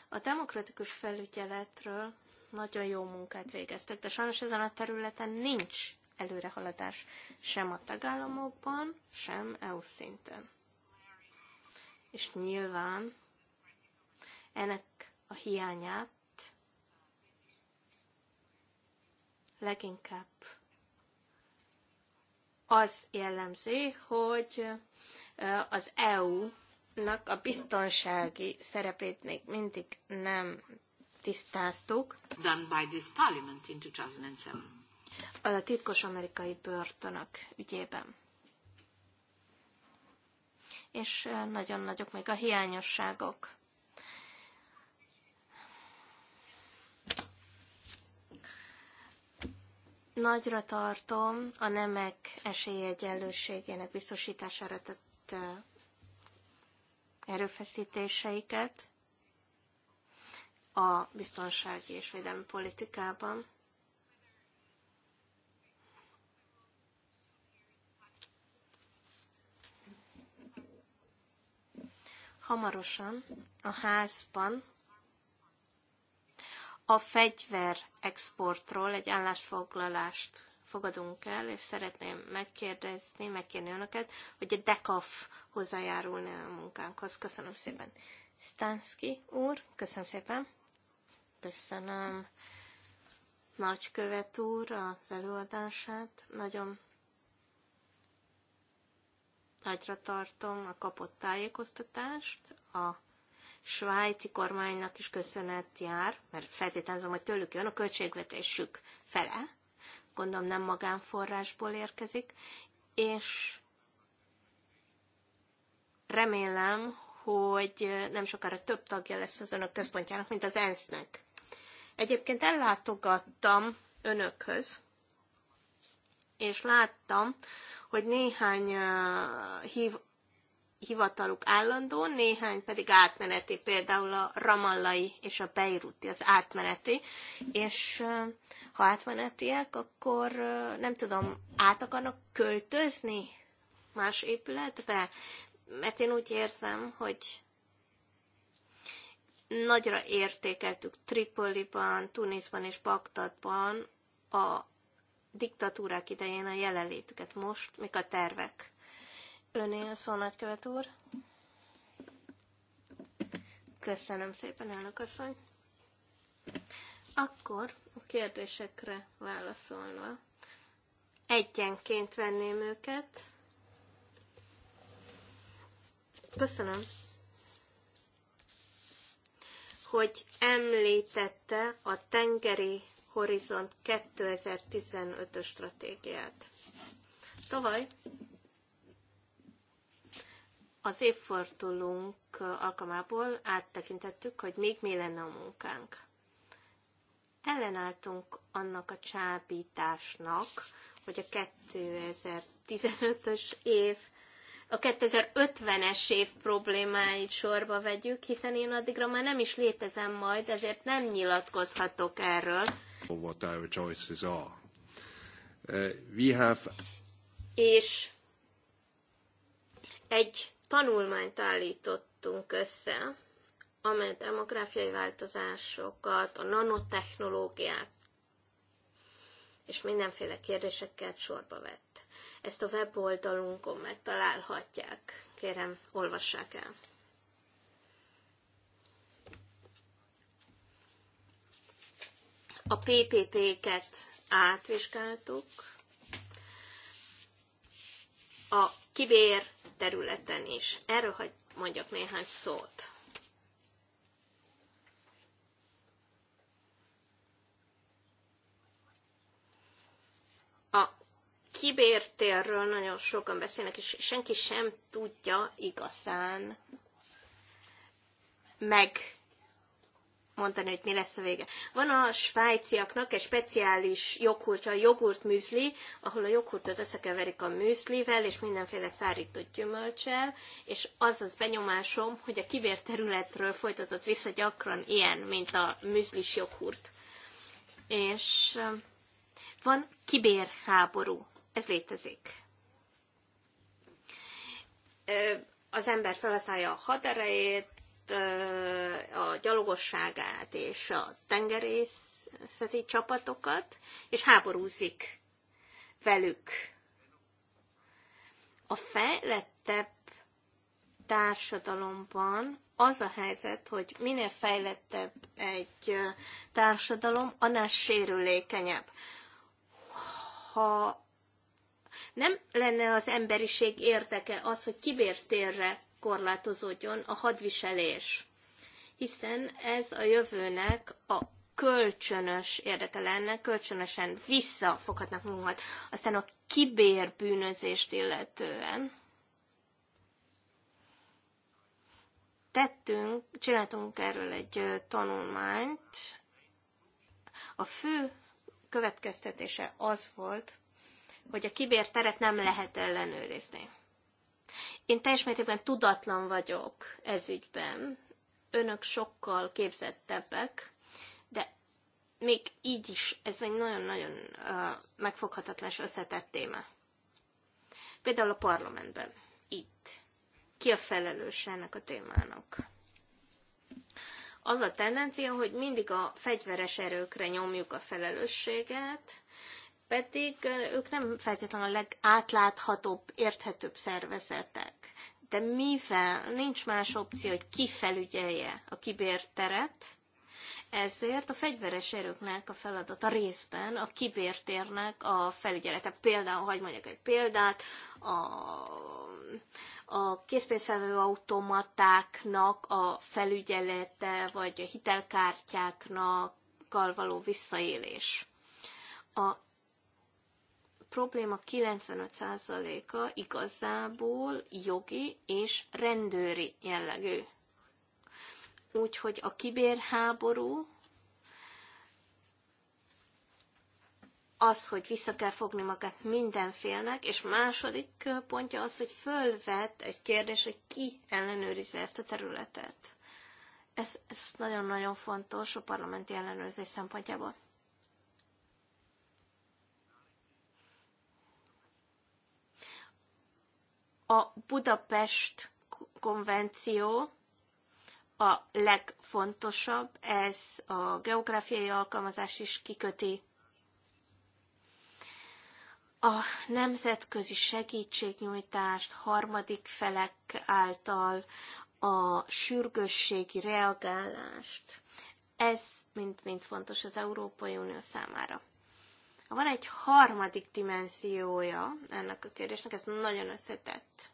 A demokratikus felügyeletről nagyon jó munkát végeztek, de sajnos ezen a területen nincs előrehaladás sem a tagállamokban, sem EU szinten. És nyilván ennek a hiányát leginkább az jellemzi, hogy az EU-nak a biztonsági szerepét még mindig nem tisztáztuk. Done by this parliament in 2007. A titkos amerikai börtönök ügyében. És nagyon nagyok még a hiányosságok. Nagyra tartom a nemek esélyegyenlőségének biztosítására tett erőfeszítéseiket, a biztonsági és védelmi politikában. Hamarosan a házban a fegyver exportról egy állásfoglalást fogadunk el, és szeretném megkérdezni, megkérni önöket, hogy a DECAF hozzájárulna a munkánkhoz. Köszönöm szépen. Stanski úr, köszönöm szépen. Köszönöm nagykövet úr az előadását. Nagyon nagyra tartom a kapott tájékoztatást. A svájci kormánynak is köszönet jár, mert feltételezem, hogy tőlük jön a költségvetésük fele. Gondolom nem magánforrásból érkezik, és remélem, hogy nem sokára több tagja lesz az önök központjának, mint az ENSZ-nek. Egyébként ellátogattam önökhöz, és láttam, hogy néhány hív, hivataluk állandó, néhány pedig átmeneti, például a ramallai és a beiruti, az átmeneti, és ha átmenetiek, akkor nem tudom, át akarnak költözni más épületbe? Mert én úgy érzem, hogy nagyra értékeltük Tripoliban, Tunisban és Bagdadban a diktatúrák idején a jelenlétüket. Most mik a tervek? Önél szó, nagykövet úr. Köszönöm szépen, elnök asszony. Akkor a kérdésekre válaszolva egyenként venném őket. Köszönöm hogy említette a tengeri Horizont 2015-ös stratégiát. Tavaly az évfordulunk alkalmából áttekintettük, hogy még mi lenne a munkánk. Ellenálltunk annak a csábításnak, hogy a 2015-ös év a 2050-es év problémáit sorba vegyük, hiszen én addigra már nem is létezem majd, ezért nem nyilatkozhatok erről. What our choices are. Uh, we have... És egy tanulmányt állítottunk össze, amely demográfiai változásokat, a nanotechnológiát és mindenféle kérdéseket sorba vett. Ezt a weboldalunkon megtalálhatják. Kérem, olvassák el. A PPP-ket átvizsgáltuk. A kibér területen is. Erről hagy mondjak néhány szót. kibértérről nagyon sokan beszélnek, és senki sem tudja igazán meg mondani, hogy mi lesz a vége. Van a svájciaknak egy speciális joghurtja, a műzli, ahol a joghurtot összekeverik a műzlivel, és mindenféle szárított gyümölcsel, és az az benyomásom, hogy a kibérterületről folytatott vissza gyakran ilyen, mint a műzlis joghurt. És van kibérháború ez létezik. Az ember felhasználja a haderejét, a gyalogosságát és a tengerészeti csapatokat, és háborúzik velük. A fejlettebb társadalomban az a helyzet, hogy minél fejlettebb egy társadalom, annál sérülékenyebb. Ha nem lenne az emberiség érdeke az, hogy kibértérre korlátozódjon a hadviselés, hiszen ez a jövőnek a kölcsönös érdeke lenne, kölcsönösen visszafoghatnak magunkat. Aztán a kibérbűnözést illetően tettünk, csináltunk erről egy tanulmányt. A fő következtetése az volt, hogy a kibért teret nem lehet ellenőrizni. Én teljes mértékben tudatlan vagyok ez ügyben. Önök sokkal képzettebbek, de még így is ez egy nagyon-nagyon uh, megfoghatatlan és összetett téma. Például a parlamentben, itt. Ki a felelős ennek a témának? Az a tendencia, hogy mindig a fegyveres erőkre nyomjuk a felelősséget, pedig ők nem feltétlenül a legátláthatóbb, érthetőbb szervezetek. De mivel nincs más opció, hogy kifelügyelje a kibérteret, ezért a fegyveres erőknek a feladata részben a kibértérnek a felügyelete. Például, hogy mondjak egy példát, a, a készpénzfelvő automatáknak a felügyelete, vagy a hitelkártyáknak való visszaélés. A probléma 95%-a igazából jogi és rendőri jellegű. Úgyhogy a kibérháború az, hogy vissza kell fogni magát mindenfélnek, és második pontja az, hogy fölvet egy kérdés, hogy ki ellenőrizi ezt a területet. Ez, ez nagyon-nagyon fontos a parlamenti ellenőrzés szempontjából. A Budapest konvenció a legfontosabb, ez a geográfiai alkalmazás is kiköti. A nemzetközi segítségnyújtást harmadik felek által, a sürgősségi reagálást, ez mind-mind fontos az Európai Unió számára. Van egy harmadik dimenziója ennek a kérdésnek, ez nagyon összetett.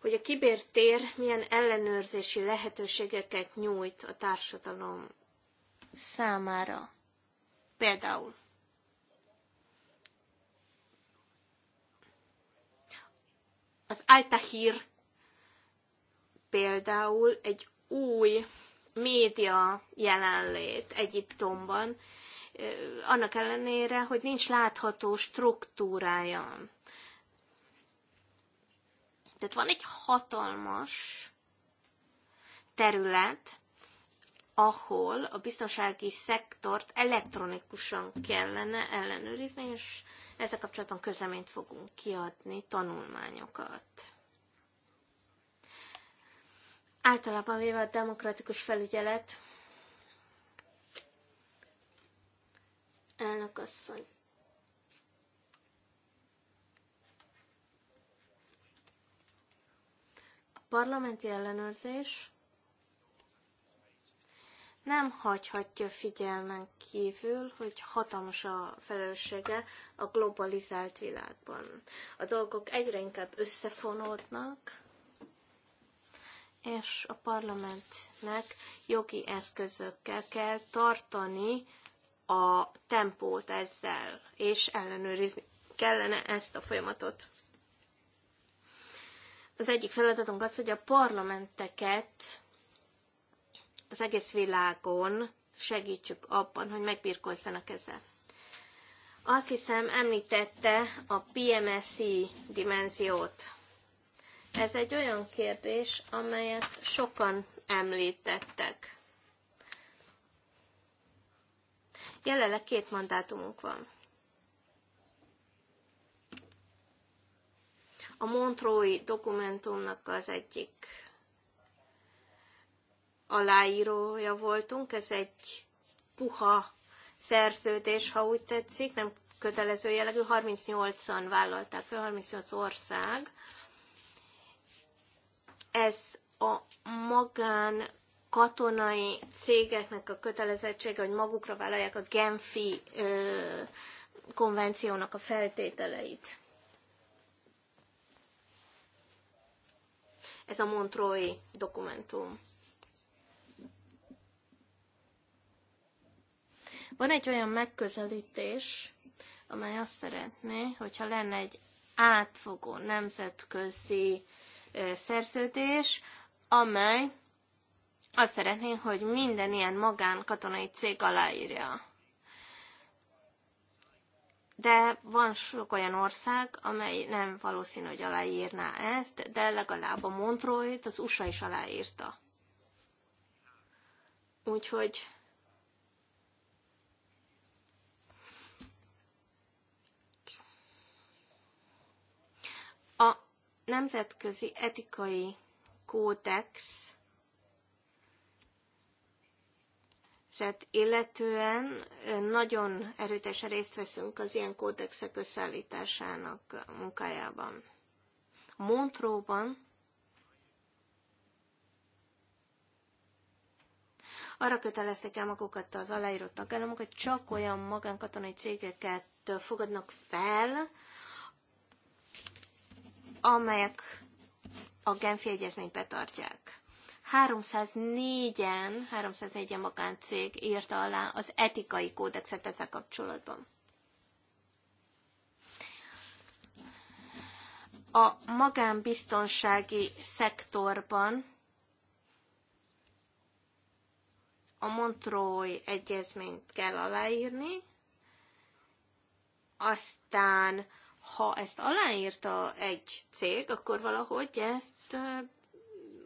hogy a kibértér milyen ellenőrzési lehetőségeket nyújt a társadalom számára. Például az Altahír például egy új média jelenlét Egyiptomban, eh, annak ellenére, hogy nincs látható struktúrája. Tehát van egy hatalmas terület, ahol a biztonsági szektort elektronikusan kellene ellenőrizni, és ezzel kapcsolatban közleményt fogunk kiadni, tanulmányokat. Általában véve a demokratikus felügyelet asszony. A parlamenti ellenőrzés nem hagyhatja figyelmen kívül, hogy hatalmas a felelőssége a globalizált világban. A dolgok egyre inkább összefonódnak, és a parlamentnek jogi eszközökkel kell tartani a tempót ezzel, és ellenőrizni kellene ezt a folyamatot. Az egyik feladatunk az, hogy a parlamenteket az egész világon segítsük abban, hogy megbirkózzanak ezzel. Azt hiszem, említette a PMSI dimenziót. Ez egy olyan kérdés, amelyet sokan említettek. Jelenleg két mandátumunk van. A Montrói dokumentumnak az egyik aláírója voltunk, ez egy puha szerződés, ha úgy tetszik, nem kötelező jellegű, 38-an vállalták fel, 38 ország ez a magán katonai cégeknek a kötelezettsége, hogy magukra vállalják a Genfi ö, konvenciónak a feltételeit. Ez a Montrói dokumentum. Van egy olyan megközelítés, amely azt szeretné, hogyha lenne egy átfogó nemzetközi szerződés, amely azt szeretné, hogy minden ilyen magán katonai cég aláírja. De van sok olyan ország, amely nem valószínű, hogy aláírná ezt, de legalább a Montreux-t az USA is aláírta. Úgyhogy nemzetközi etikai kódex illetően nagyon erőtesen részt veszünk az ilyen kódexek összeállításának munkájában. Montróban arra kötelezték el magukat az aláíró tagállamok, hogy csak olyan magánkatonai cégeket fogadnak fel, amelyek a Genfi Egyezményt betartják. 304-en, 304-en magáncég írta alá az etikai kódexet ezzel kapcsolatban. A magánbiztonsági szektorban a Montreux egyezményt kell aláírni, aztán ha ezt aláírta egy cég, akkor valahogy ezt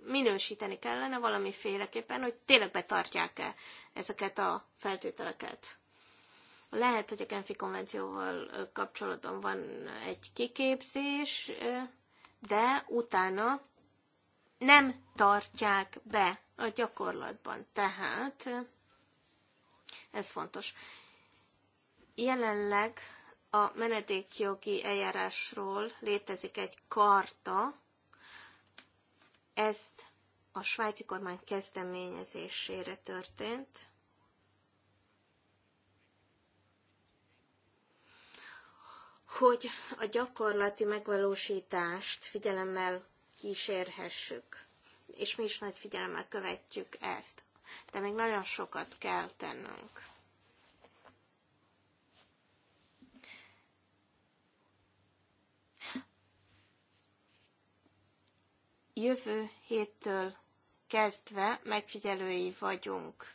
minősíteni kellene valamiféleképpen, hogy tényleg betartják-e ezeket a feltételeket. Lehet, hogy a Genfi konvencióval kapcsolatban van egy kiképzés, de utána nem tartják be a gyakorlatban. Tehát ez fontos. Jelenleg a menedékjogi eljárásról létezik egy karta, ezt a svájci kormány kezdeményezésére történt. hogy a gyakorlati megvalósítást figyelemmel kísérhessük, és mi is nagy figyelemmel követjük ezt. De még nagyon sokat kell tennünk. Jövő héttől kezdve megfigyelői vagyunk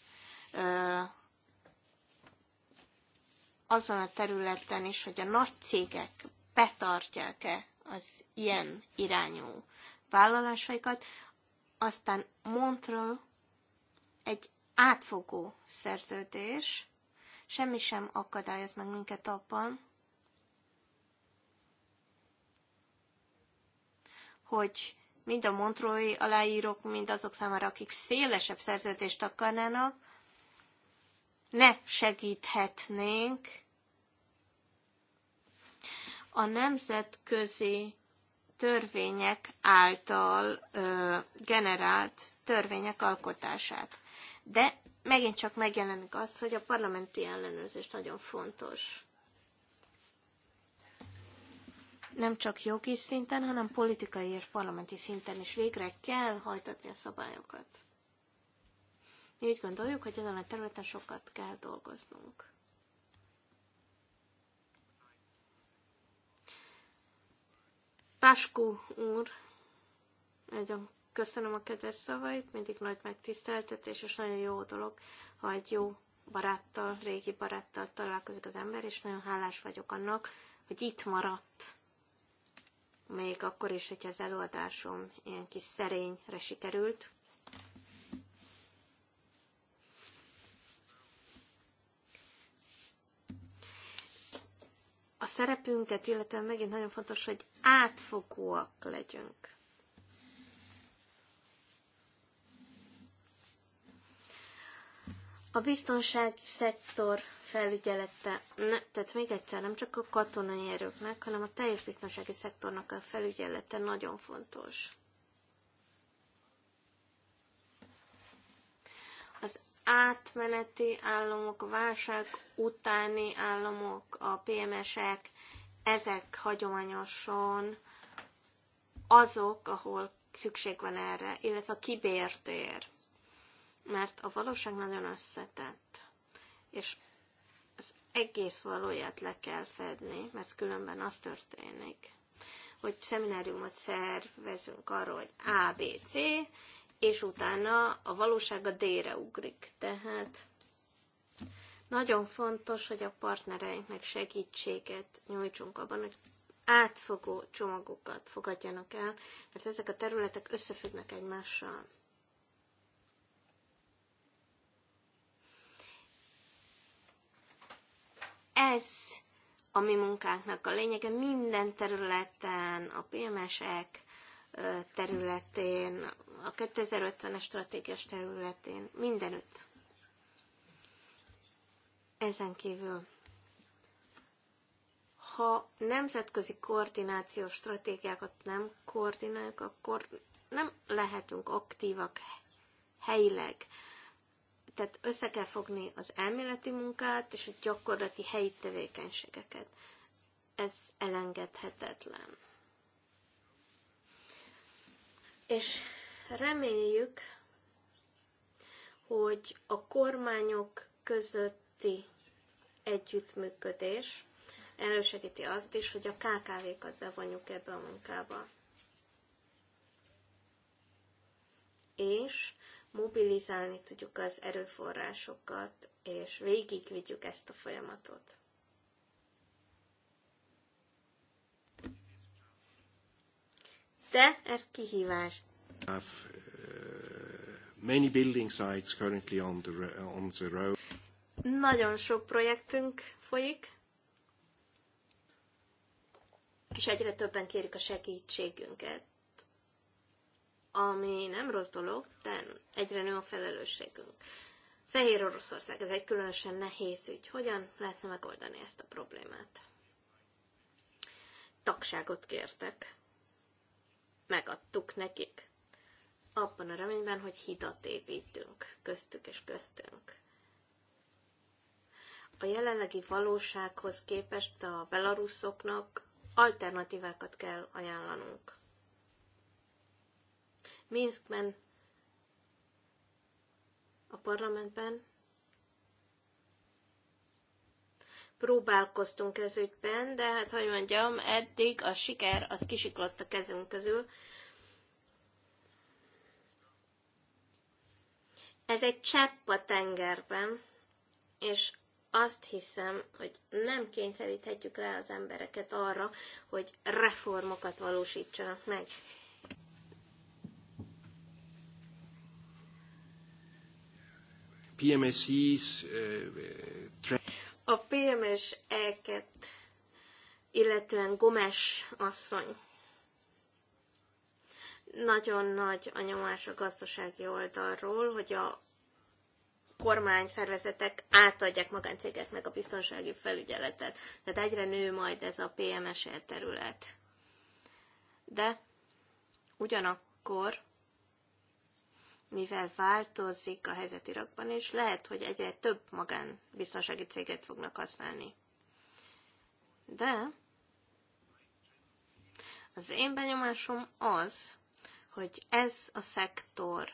azon a területen is, hogy a nagy cégek betartják-e az ilyen irányú vállalásaikat. Aztán Montről egy átfogó szerződés, semmi sem akadályoz meg minket abban, hogy mind a montrói aláírók, mind azok számára, akik szélesebb szerződést akarnának, ne segíthetnénk a nemzetközi törvények által ö, generált törvények alkotását. De megint csak megjelenik az, hogy a parlamenti ellenőrzés nagyon fontos. nem csak jogi szinten, hanem politikai és parlamenti szinten is végre kell hajtatni a szabályokat. Mi úgy gondoljuk, hogy ezen a területen sokat kell dolgoznunk. Pásku úr, nagyon köszönöm a kedves szavait, mindig nagy megtiszteltetés, és nagyon jó dolog, ha egy jó baráttal, régi baráttal találkozik az ember, és nagyon hálás vagyok annak, hogy itt maradt még akkor is, hogyha az előadásom ilyen kis szerényre sikerült. A szerepünket, illetve megint nagyon fontos, hogy átfogóak legyünk. A biztonsági szektor felügyelete, ne, tehát még egyszer, nem csak a katonai erőknek, hanem a teljes biztonsági szektornak a felügyelete nagyon fontos. Az átmeneti államok, válság utáni államok, a PMS-ek, ezek hagyományosan azok, ahol szükség van erre, illetve a kibértér mert a valóság nagyon összetett, és az egész valóját le kell fedni, mert különben az történik, hogy szemináriumot szervezünk arról, hogy A, B, C, és utána a valóság a D-re ugrik. Tehát nagyon fontos, hogy a partnereinknek segítséget nyújtsunk abban, hogy átfogó csomagokat fogadjanak el, mert ezek a területek összefüggnek egymással. ez a mi munkánknak a lényege minden területen, a PMS-ek területén, a 2050-es stratégiás területén, mindenütt. Ezen kívül, ha nemzetközi koordinációs stratégiákat nem koordináljuk, akkor nem lehetünk aktívak helyileg. Tehát össze kell fogni az elméleti munkát és a gyakorlati helyi tevékenységeket. Ez elengedhetetlen. És reméljük, hogy a kormányok közötti együttműködés elősegíti azt is, hogy a KKV-kat bevonjuk ebbe a munkába. És mobilizálni tudjuk az erőforrásokat, és végigvigyük ezt a folyamatot. De ez kihívás. Have, uh, many building sites currently on the, on the road. Nagyon sok projektünk folyik, és egyre többen kérik a segítségünket ami nem rossz dolog, de egyre nő a felelősségünk. Fehér Oroszország, ez egy különösen nehéz ügy. Hogyan lehetne megoldani ezt a problémát? Tagságot kértek. Megadtuk nekik. Abban a reményben, hogy hidat építünk köztük és köztünk. A jelenlegi valósághoz képest a belaruszoknak alternatívákat kell ajánlanunk. Minskben, a parlamentben próbálkoztunk ez ügyben, de hát, hogy mondjam, eddig a siker az kisiklott a kezünk közül. Ez egy csepp a tengerben, és azt hiszem, hogy nem kényszeríthetjük rá az embereket arra, hogy reformokat valósítsanak meg. PMSEs eh, eh, a PMS-eket, illetően Gomes asszony nagyon nagy a nyomás a gazdasági oldalról, hogy a kormány szervezetek átadják magáncégeknek a biztonsági felügyeletet. Tehát egyre nő majd ez a PMS -e terület. De ugyanakkor mivel változik a helyzet Irakban, és lehet, hogy egyre több magánbiztonsági céget fognak használni. De az én benyomásom az, hogy ez a szektor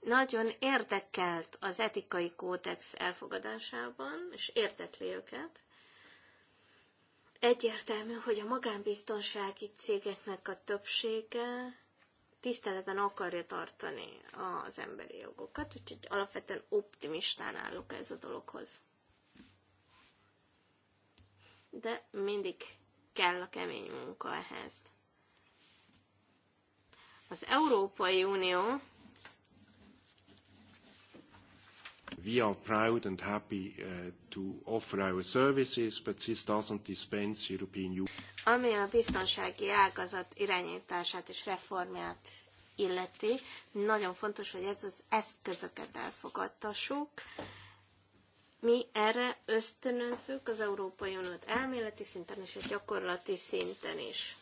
nagyon érdekelt az etikai kódex elfogadásában, és értetli őket, Egyértelmű, hogy a magánbiztonsági cégeknek a többsége tiszteletben akarja tartani az emberi jogokat, úgyhogy alapvetően optimistán állok ez a dologhoz. De mindig kell a kemény munka ehhez. Az Európai Unió we are proud and happy uh, to offer our services, but this doesn't dispense European Union. Ami a biztonsági ágazat irányítását és reformját illeti, nagyon fontos, hogy ez az eszközöket elfogadtassuk. Mi erre ösztönözzük az Európai Uniót elméleti szinten és a gyakorlati szinten is.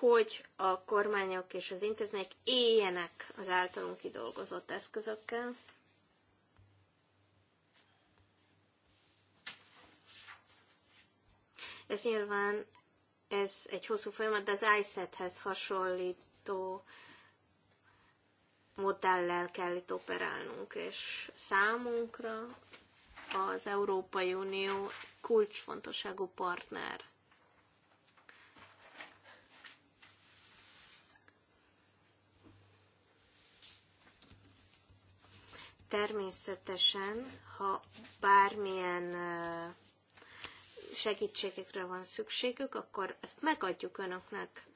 hogy a kormányok és az intézmények éljenek az általunk kidolgozott eszközökkel. Ez nyilván ez egy hosszú folyamat, de az ISET-hez hasonlító modellel kell itt operálnunk, és számunkra az Európai Unió kulcsfontosságú partner Természetesen, ha bármilyen segítségekre van szükségük, akkor ezt megadjuk önöknek.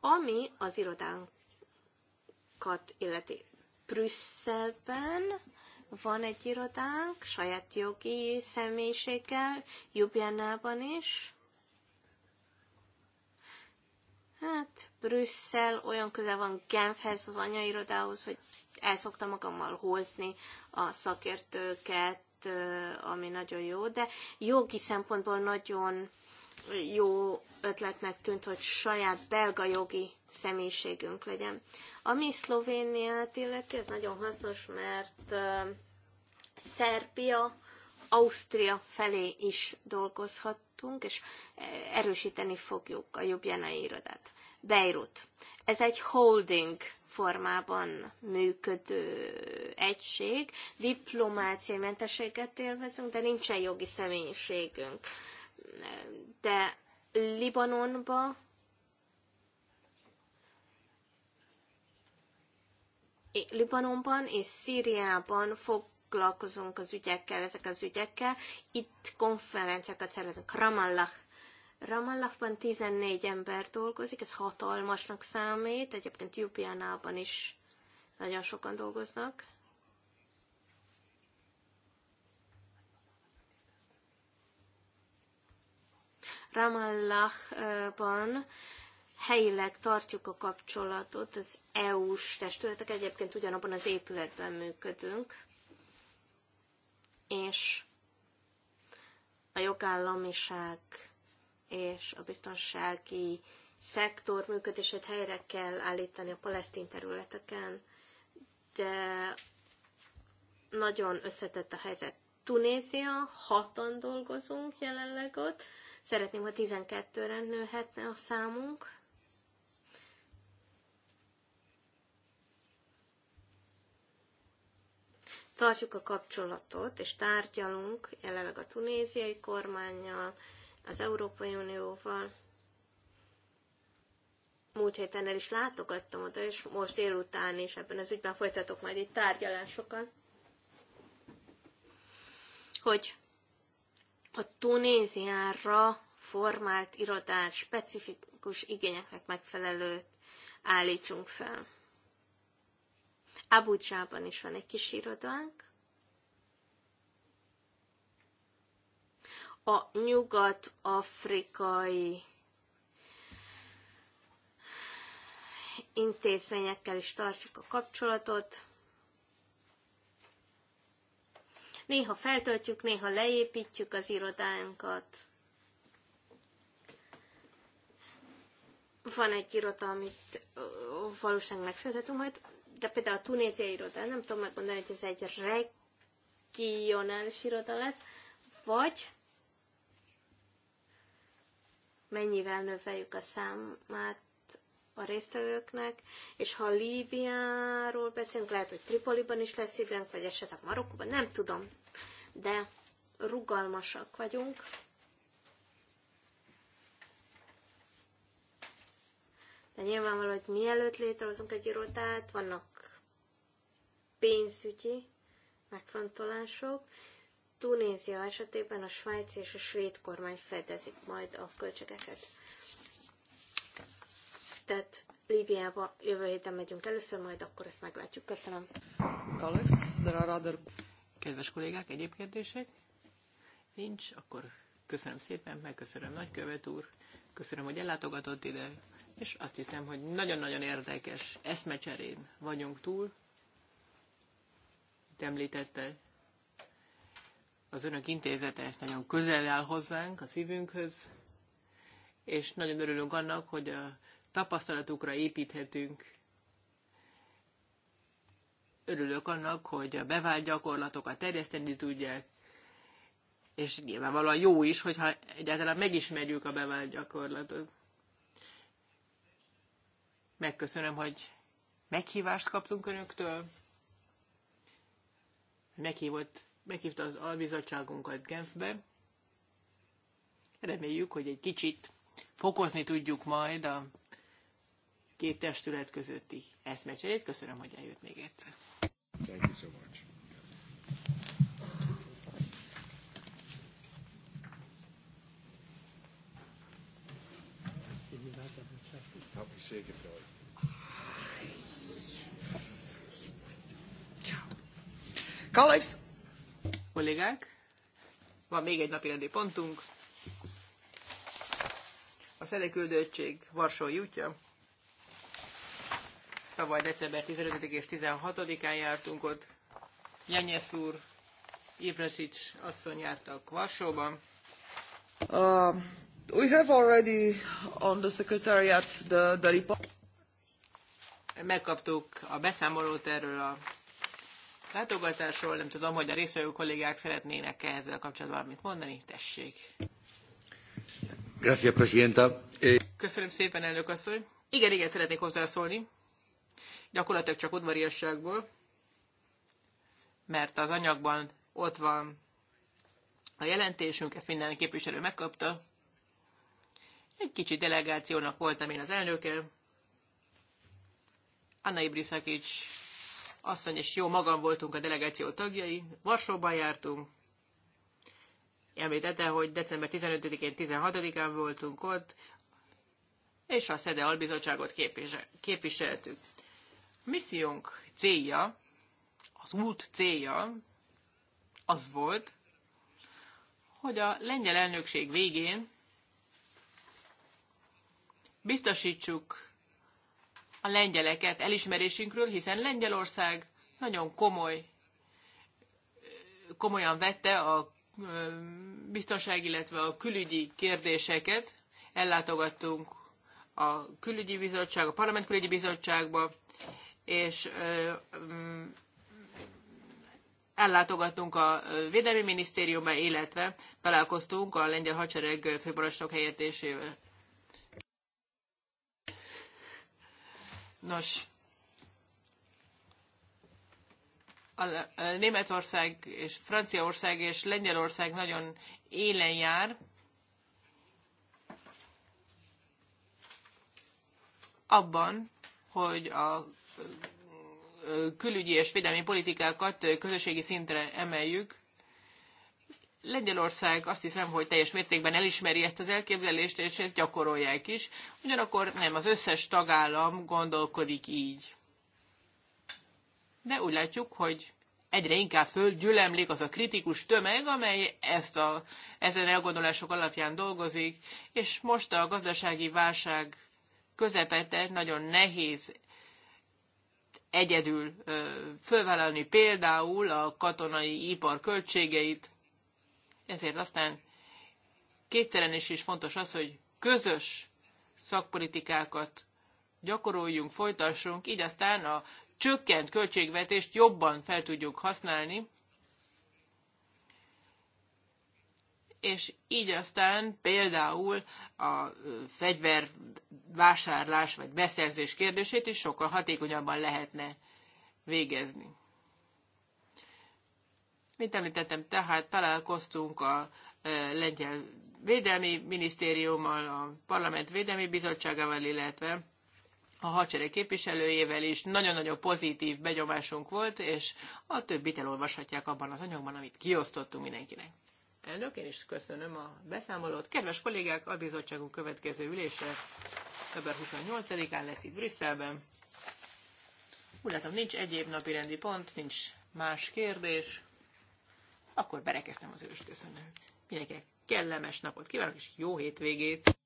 Ami az irodánkat illeti. Brüsszelben van egy irodánk, saját jogi személyiséggel, Jubjánában is. Hát, Brüsszel olyan közel van Genfhez, az anyairodához, hogy el szoktam magammal hozni a szakértőket, ami nagyon jó, de jogi szempontból nagyon jó ötletnek tűnt, hogy saját belga jogi személyiségünk legyen. Ami Szlovéniát illeti, ez nagyon hasznos, mert Szerbia, Ausztria felé is dolgozhattunk, és erősíteni fogjuk a jobbjenai irodát. Beirut. Ez egy holding formában működő egység, diplomáciai mentességet élvezünk, de nincsen jogi személyiségünk. De Libanonba Libanonban és Szíriában foglalkozunk az ügyekkel, ezek az ügyekkel. Itt konferenciákat szervezünk Ramallah Ramallahban 14 ember dolgozik, ez hatalmasnak számít, egyébként Jubjánában is nagyon sokan dolgoznak. Ramallahban helyileg tartjuk a kapcsolatot az EU-s testületek, egyébként ugyanabban az épületben működünk, és a jogállamiság és a biztonsági szektor működését helyre kell állítani a palesztin területeken, de nagyon összetett a helyzet. Tunézia, hatan dolgozunk jelenleg ott, szeretném, ha 12-re nőhetne a számunk. Tartjuk a kapcsolatot, és tárgyalunk jelenleg a tunéziai kormányjal, az Európai Unióval. Múlt héten el is látogattam oda, és most délután is ebben az ügyben folytatok majd itt tárgyalásokat, hogy a Tunéziára formált irodát specifikus igényeknek megfelelőt állítsunk fel. Abudzsában is van egy kis irodánk, a nyugat-afrikai intézményekkel is tartjuk a kapcsolatot. Néha feltöltjük, néha leépítjük az irodánkat. Van egy iroda, amit valószínűleg megfelelhetünk majd, de például a tunéziai iroda, nem tudom megmondani, hogy ez egy regionális iroda lesz, vagy mennyivel növeljük a számát a résztvevőknek, és ha Líbiáról beszélünk, lehet, hogy Tripoliban is lesz időnk, vagy esetleg Marokkóban, nem tudom, de rugalmasak vagyunk. De nyilvánvaló, hogy mielőtt létrehozunk egy irodát, vannak pénzügyi megfontolások, Tunézia esetében a svájci és a svéd kormány fedezik majd a költségeket. Tehát Líbiába jövő héten megyünk először, majd akkor ezt meglátjuk. Köszönöm. Kalex, there are Kedves kollégák, egyéb kérdések? Nincs, akkor köszönöm szépen, megköszönöm nagykövet úr, köszönöm, hogy ellátogatott ide, és azt hiszem, hogy nagyon-nagyon érdekes eszmecserén vagyunk túl. Itt említette az önök intézete nagyon közel áll hozzánk, a szívünkhöz, és nagyon örülünk annak, hogy a tapasztalatukra építhetünk. Örülök annak, hogy a bevált gyakorlatokat terjeszteni tudják, és nyilvánvalóan jó is, hogyha egyáltalán megismerjük a bevált gyakorlatot. Megköszönöm, hogy meghívást kaptunk önöktől. Meghívott meghívta az albizottságunkat Genfbe. Reméljük, hogy egy kicsit fokozni tudjuk majd a két testület közötti eszmecserét. Köszönöm, hogy eljött még egyszer. Thank you so much. Colleagues, kollégák! Van még egy napi rendi pontunk. A Szedeküldöttség Varsói útja. Tavaly december 15 és 16-án jártunk ott. Jenyesz úr, Ibrasics asszony jártak Varsóban. Uh, we have already on the secretariat the, the report. Megkaptuk a beszámolót erről a látogatásról. Nem tudom, hogy a részvevő kollégák szeretnének -e ezzel kapcsolatban valamit mondani. Tessék. Eh, Köszönöm szépen, elnök asszony. Igen, igen, szeretnék hozzászólni. Gyakorlatilag csak udvariasságból, mert az anyagban ott van a jelentésünk, ezt minden képviselő megkapta. Egy kicsi delegációnak voltam én az elnöke. Anna Ibriszakics asszony és jó magam voltunk a delegáció tagjai, Varsóban jártunk, említette, hogy december 15-én, 16-án voltunk ott, és a SZEDE albizottságot képviseltük. A missziónk célja, az út célja az volt, hogy a lengyel elnökség végén biztosítsuk a lengyeleket elismerésünkről, hiszen Lengyelország nagyon komoly, komolyan vette a biztonság, illetve a külügyi kérdéseket. Ellátogattunk a külügyi bizottság, a parlament külügyi bizottságba, és mm, ellátogattunk a Védelmi Minisztériumba, illetve találkoztunk a lengyel hadsereg főparancsnok helyettesével. Nos, a Németország és Franciaország és Lengyelország nagyon élen jár. Abban, hogy a külügyi és védelmi politikákat közösségi szintre emeljük. Lengyelország azt hiszem, hogy teljes mértékben elismeri ezt az elképzelést, és ezt gyakorolják is. Ugyanakkor nem az összes tagállam gondolkodik így. De úgy látjuk, hogy egyre inkább fölgyülemlik az a kritikus tömeg, amely ezt a, ezen elgondolások alapján dolgozik, és most a gazdasági válság közepette nagyon nehéz egyedül fölvállalni például a katonai ipar költségeit, ezért aztán kétszeren is, is fontos az, hogy közös szakpolitikákat gyakoroljunk, folytassunk, így aztán a csökkent költségvetést jobban fel tudjuk használni, és így aztán például a fegyvervásárlás vagy beszerzés kérdését is sokkal hatékonyabban lehetne végezni. Mint említettem, tehát találkoztunk a lengyel védelmi minisztériummal, a parlament védelmi bizottságával, illetve a hadsereg képviselőjével is nagyon-nagyon pozitív begyomásunk volt, és a többit elolvashatják abban az anyagban, amit kiosztottunk mindenkinek. Elnök, én is köszönöm a beszámolót. Kedves kollégák, a bizottságunk következő ülése február 28-án lesz itt Brüsszelben. Úgy látom, nincs egyéb napi rendi pont, nincs más kérdés. Akkor berekeztem az ős. köszönöm. Mindenkinek kellemes napot kívánok, és jó hétvégét!